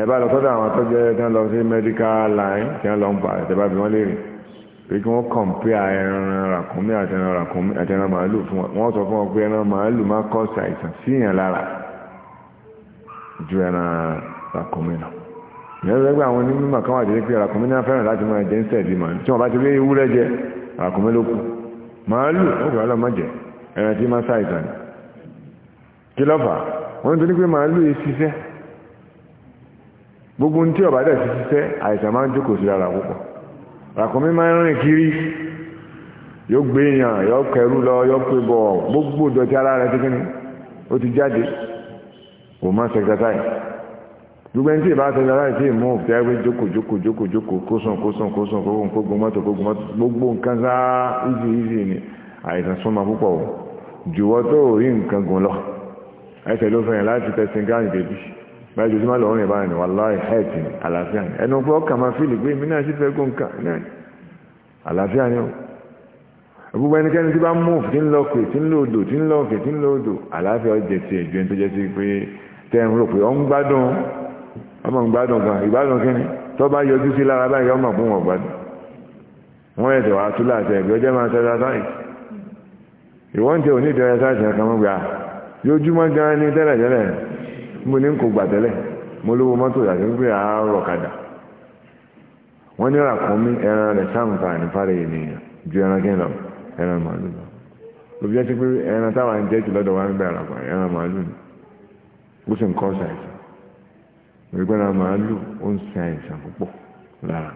[SPEAKER 1] ẹ bá lọ sọ́dọ̀ àwọn tọ́jẹ́ tí wọ́n lọ sí medical line tí wọ́n lọ ń pa ẹ̀tẹ́ bá bí wọ́n léèrè pé kí wọ́n kọ̀m̀pìà ẹran ràkúnmí àti ẹran ràkúnmí àti ẹran màálù fún wọn wọ́n sọ fún wọn pé ẹran màálù máa kọ́ sí àìsàn síyàn lára ju ẹran ràkúnmí náà ìyẹn lọ́gbà àwọn onímọ̀ kan wà jẹ́ pé ràkúnmí náà fẹ́ràn láti máa jẹ́ ń sẹ̀dí mọ̀ tí wọ́n bá ti rí ewúrẹ́ jẹ ràkúnmí ló kù màálù ó kọ̀ ọlọ́mọ jẹ ẹran tí máa ṣàìsàn kí lọ́fà wọ́n tó ní kiri yóò gbé èèyàn yóò kẹrù lọ yóò pé bọ̀ gbogbo ìdọ̀tí ó ti jáde kò má ṣe gbogbo ẹni tí ìbá tẹ̀lé aláì tí ìmú òfin ẹgbẹ́ jókòó jókòó jókòó jókòó kó sùn kó sùn kó sùn kó gùn kó gùn kó gùn gbogbo nǹkan sáá ìzì ìzì ni àìsàn súnmọ́ púpọ̀ o jùwọ́ tó rí nǹkan gùn lọ ẹsẹ̀ ló fẹ̀yìn láti tẹ̀sìn gáàní bèbí báyìí lójúmọ́ lọ́wọ́ rìn báyìí wàláì hẹ́ẹ̀tì àlàáfíà ni ẹnu pé ọkà máa fìlì pé mí náà sì fẹ́ gùn kan náà àlàáfíà ni o gbogbo ẹnikẹ́ni tí bá mú tí ń lọ pè tí ń lọ odò tí ń lọ òkè tí ń lọ odò àlàáfíà ọjẹ́ tiẹ̀ ju ẹni tó jẹ́ sí pé tẹ́ ń rò pé ọ ń gbádùn ọmọ ìgbádùn kan ìgbádùn kí tó bá yọjú sí lára báyìí ọmọ fún wọn gbádùn wọn ẹ̀sẹ̀ wàá tú láti ẹ̀gbẹ́ ọjọ́ máa tẹ́lá sáyẹn ìwọ́n tẹ òní ìdẹ́rẹ́ mọ́ gbà gan ni tẹ́lẹ̀ tẹ́lẹ̀ mo ní kò gbà tẹ́lẹ̀ mo lówó mọ́tò àárọ̀ kadà wọ́n ní ẹran rẹ̀ sáǹfà ènìyàn ju ẹran kí lọ ẹran màálù lọ òbí pé ẹran jẹ́ jù lọ́dọ̀ ń ẹran màálù ni ó sì ń kọ́ ìgbára màálù ó ń ṣe àìsàn púpọ̀ lára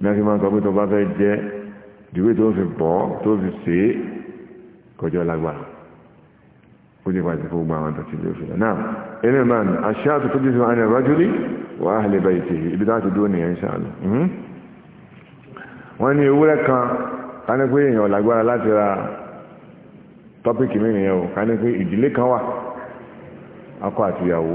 [SPEAKER 1] láti máa sọ pé tó bá fẹ́ jẹ́ ìdíwé tó fi bọ́ tó fi ṣe é kọjọ́ lágbára ó ti pàṣẹ fún gbogbo àwọn àtàtì ìlú ìfìlà náà ilé man aṣáà tó tóbi sí àná ìrájúlí wà á lè bá ìtì ibi tá a ti dúró nìyẹn ṣáàlù hmm? wọ́n ní ewúrẹ́ kan ká ní pé èèyàn lágbára láti ra tọ́pìkì mí nìyẹn o ká ní pé ìdílé kan wà akọ àtìyàwó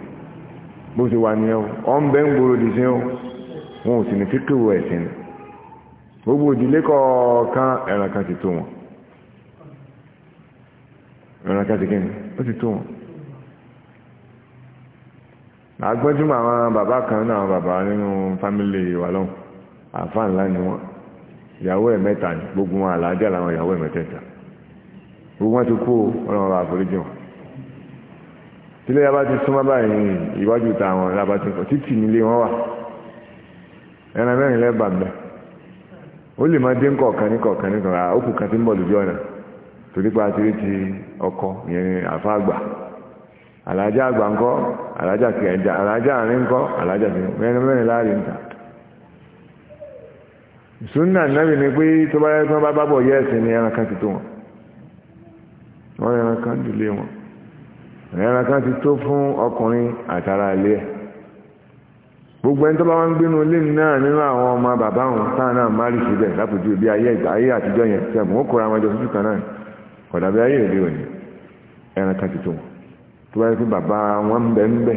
[SPEAKER 1] bó ṣe wà nìyẹn ọ ń bẹ́ ń gbòòrò dì sí wọn ò sì ní fíkìwò ẹ̀sìn gbogbo ìdílé kọ̀ọ̀kan ẹ̀ràn kan ti tó wọn ẹ̀ràn kan ti kí ni ó ti tó wọn agbẹ́júmọ̀ àwọn bàbá kan náà bàbá nínú fámílì wà lọ́hùn àfáà ńlá ni wọ́n ìyàwó ẹ̀ mẹ́ta ni gbogbo wọn àlàájá làwọn ìyàwó ẹ̀ mẹ́tẹ̀ẹ̀ta gbogbo wọn ti kú ọlọ́run àforíjì wọn tílé yaba ti súnmọ́ báyìí ìwájú táwọn lába ti kọ̀ títì nílé wọn wà ẹran mẹ́rin lẹ́bà mẹ́ ó lè máa dé ń kọ̀ọ̀kan ní kọ̀ọ̀kan ní kọ̀ọ̀kan òkú kan ti ń bọ̀ ti ti ọkọ ìyẹn àfa àgbà àlàájá àgbà àlàájá kẹjà àlàájá àárín àlàájá kẹjà mẹ́rin mẹ́rin láàrin ta ni pé tó bá yẹ kí wọ́n bá ni ẹran kan ti ẹran kan ti tó fún ọkùnrin àtàrà ilé ẹ̀ gbogbo ẹni tó bá wá ń gbénu ilé náà nínú àwọn ọmọ bàbá òun táà náà má rí síbẹ̀ lápòjú bí ayé àtijọ́ yẹn tẹ̀ mọ́ kóra wọn jọ sí kan náà kọ̀dàbí ayé òde òní ẹran kan ti tó wọn tó bá yẹ pé bàbá wọn ń bẹ ń bẹ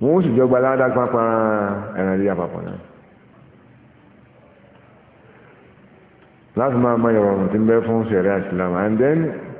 [SPEAKER 1] wọn ó sì jọ gba aládàá pápá ẹran ilé àpapọ̀ náà láti máa má yọrọ ọ̀rọ̀ tí ń bẹ fún sẹ̀rẹ̀ àti ìlànà and then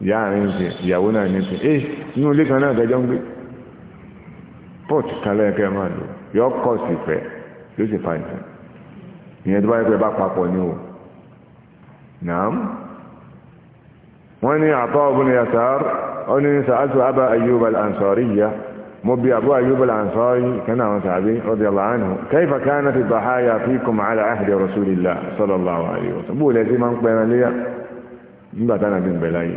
[SPEAKER 1] ìyá àárín sí ìyàwó náà ní sí ẹ eh, inú ilé kan náà tẹjọ ń gbé port kalẹ̀ ẹ̀kẹ́ máa lò yọ kọ́ sí fẹ́ yóò sì fa ìtàn ìyẹn tó bá yẹ pé bá papọ̀ ní o nàám wọ́n ní àtọ́ ọ̀bùn yasar ó ní sàásù abba ayyub al-ansari yá mo bi abu ayyub al-ansari kana àwọn sàbí radiyallahu anhu kayfa kanat ad-dahaya fikum ala ahdi rasulillah sallallahu alayhi wa sallam bó lẹ́sí máa ń pẹ́ran léyà nígbà tánà bí ń bẹ̀ láyé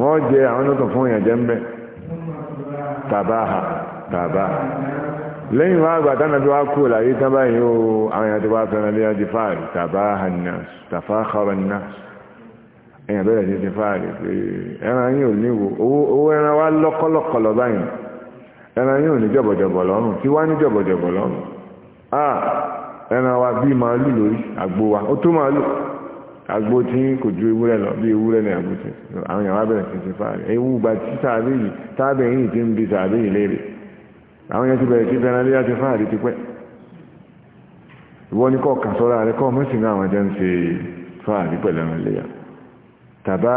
[SPEAKER 2] wọ́n jẹ àwọn tó fún ìyànjẹ́ ń bẹ́
[SPEAKER 1] tàbáhà tàbáhà lẹ́yìn wá àgbà tánà tó wá kú láyé tán báyìí ó àwọn èèyàn tó wá fẹ́ràn lé ọdí fáàrí tàbáhà náà tàfáàkọrọ náà èèyàn bẹ̀rẹ̀ ti fáàrí pé ẹran yìí ò níwò owó ẹran wá lọ́kọ́lọ́kọ́lọ́ báyìí ẹran yìí ò ní jọ̀bọ̀jọ̀bọ̀ lọ́rùn kí wá ní jọ̀bọ̀jọ̀bọ̀ lọ́rùn ah, ẹran wa bí màálù lórí àgbo wa ó tó màálù agbó tí kò ju ewúrẹ́ lọ bí ewúrẹ́ ní àgbótí àwọn èèyàn wá bẹ̀rẹ̀ sí ti ewu gba tí sàbẹ̀yì ti ń bi sàbẹ̀yì léèrè àwọn èèyàn ti bẹ̀rẹ̀ sí bẹ̀rẹ̀ léyà ti fà ti pẹ́ ìwọ ní kọ́ kà sọ́ra kọ́ mẹ́sìn náà àwọn jẹ́ ń ṣe fà rí pẹ̀lú léyà tàbá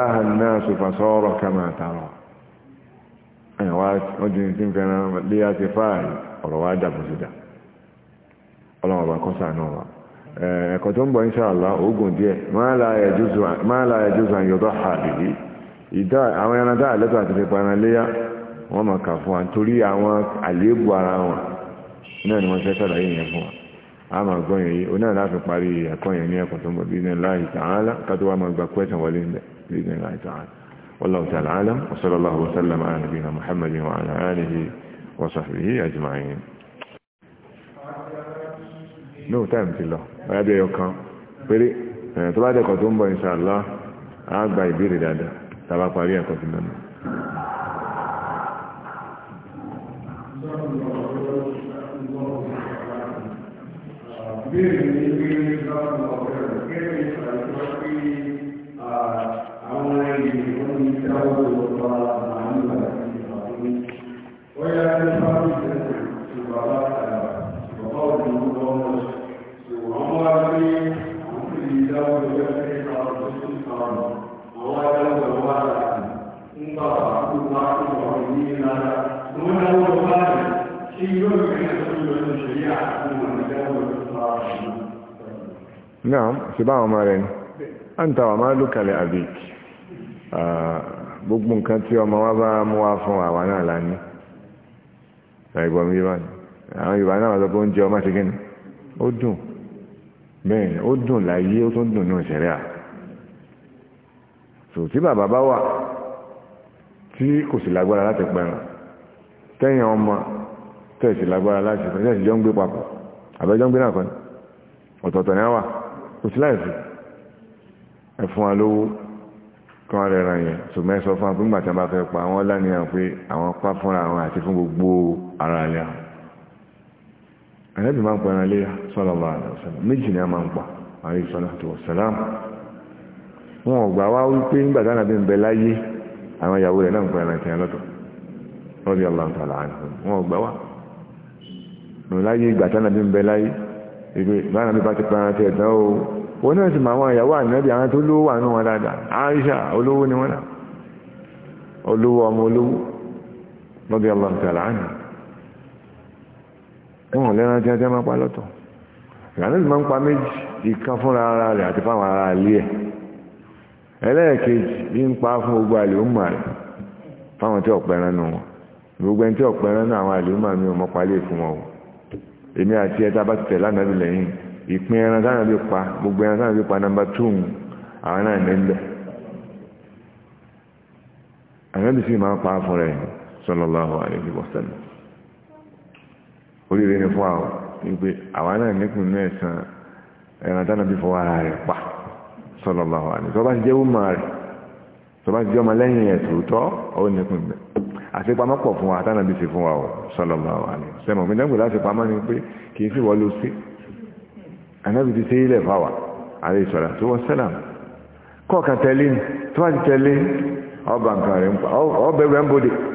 [SPEAKER 1] sọ́rọ̀ kama àtàrọ̀ ẹ̀yàn wá wọ́n ń fẹ́ràn léyà ti ọ̀rọ̀ Eh, ẹ̀kọ́ tó ń bọ̀ inṣàlá ogun díẹ̀ máa la ẹjọ́ sàn yọ̀dọ̀ ha bìbí ìdá àwọn ẹran dáa lẹ́tọ̀ àti pípa ẹran léyà wọ́n máa kà fún wa torí àwọn àléébù ara wọn náà ni wọ́n fẹ́ sàlàyé yẹn fún wa a máa gbọ́ yẹn yìí ó náà láti parí ẹ̀kọ́ yẹn ní ẹ̀kọ́ tó ń bọ̀ bí ní láì tààlà kátó wa máa gba kwẹ́sàn wọlé bí ní láì tààlà والله تعالى أعلم وصلى الله وسلم على نبينا محمد وعلى آله وصحبه أجمعين no time ti lọ ọ̀yá bí ẹyọ kan péré tó bá dẹ̀kọ̀ tó ń bọ̀ inshallah á gba ìbéèrè dáadáa tàbá parí ẹ̀kọ́ ti mẹ́nu. Ìbéèrè ni نعم سباع مالين أنت ومالك لأبيك gbogbo nǹkan tí ọmọ wa bá mú wá fún àwa náà lání ẹ̀gbọ́n mi bá ní bẹ́ẹ̀ ó dùn láyé ó tún dùn náà ṣẹ̀rẹ́ à tò tí bàbá bá wà tí kò sì lágbára láti pẹ̀ràn tẹ́yìn ọmọ tẹ̀sí lágbára láti pẹ̀ràn tẹ̀sí jọ ń gbé papọ̀ àbẹ́jọ ń gbé náà kan ọ̀tọ̀ọ̀tọ̀ ní àwà kò sí láìsí ẹ̀fún wa lówó kan rẹ̀ ràn yẹn ṣùgbọ́n ẹ sọ fún wa pé ńgbà tí wọ́n bá fẹ́ pa àwọn lá ní àwọn pé àwọn pa fúnra àwọn àti fún gbogbo ara rẹ̀ àwọn ànábì máa ń pa ẹran léyà sallallahu alaihi wasallam méjì ni a máa ń pa alaihi salatu wassalam wọn ò gbà wá wípé nígbà tí ànábì ń bẹ láyé àwọn ìyàwó rẹ̀ náà ń pa ẹran tẹ̀yàn lọ́tọ̀ radiyallahu ta'ala anhum wọn ò gbà wá nù láyé ìgbà tí ànábì ń bẹ láyé ìgbé báyìí ànábì bá wọ́n lẹ́ran tí a máa pa lọ́tọ̀ ìrànlẹ́ ìmọ̀ ń pa méjì ìkan fúnra ara rẹ̀ àti fáwọn ara ẹ̀ ẹlẹ́ẹ̀kejì ń pa fún gbogbo àlè rẹ̀ fáwọn tí ọ̀pẹ ẹran wọn gbogbo ẹni tí ọ̀pẹ ẹran àwọn àlè mi ò mọ fún wọn o èmi àti ti tẹ̀ lánàá lẹ́yìn ìpín ẹran bí pa gbogbo ẹran bí pa nàmbà àwọn náà ní sì máa pa oríire ni fún àwọn wípé àwọn náà nípìn náà san ẹran tánà bí fọwọ́ ara rẹ̀ pa sallallahu alaihi tó bá ti jẹ́ ọmọ rẹ̀ tó bá ti jẹ́ ọmọ lẹ́yìn ẹ̀ tòótọ́ ó nípìn bẹ̀ àṣepamọ́ pọ̀ fún wa tánà bí ṣe fún wa o sallallahu alaihi sẹ́mọ̀ mi dẹ́gbẹ̀ẹ́ láṣepamọ́ ni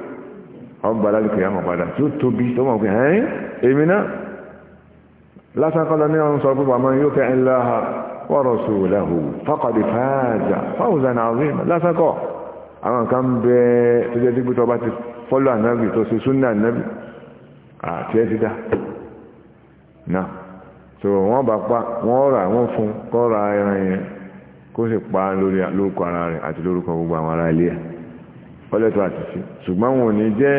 [SPEAKER 1] ọgbà lálùkù yà mọ̀ padà tí ó tóbi tó mọ̀ pé ẹ̀yìn èmi náà lásán kọ́lọ ní ọ̀run sọ pé wà máa yóò fẹ́ ńlá wa rasulahu faqad faza fawzan azima lásán kọ́ àwọn nǹkan bẹ tó jẹ́ tí gbútọ́ bá ti fọ́lọ́ ànábì tó ṣe súnà ànábì àti ẹ́ ti dá náà ilé ọlẹ́tọ̀ àti sí ṣùgbọ́n wọn ò ní jẹ́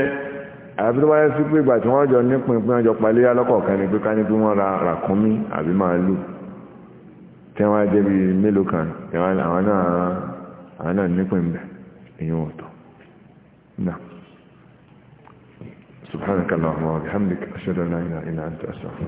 [SPEAKER 1] àbí tó bá yẹ sí pé ìgbà tí wọ́n jọ ní pinpin ọjọ́ palẹ́ alọ́kọ̀ọ̀kan ni pé ká ní pé wọ́n ra ràkúnmí àbí màálù tí wọ́n á jẹ́ bí mélòó kan àwọn náà nípìn èyí wọ́n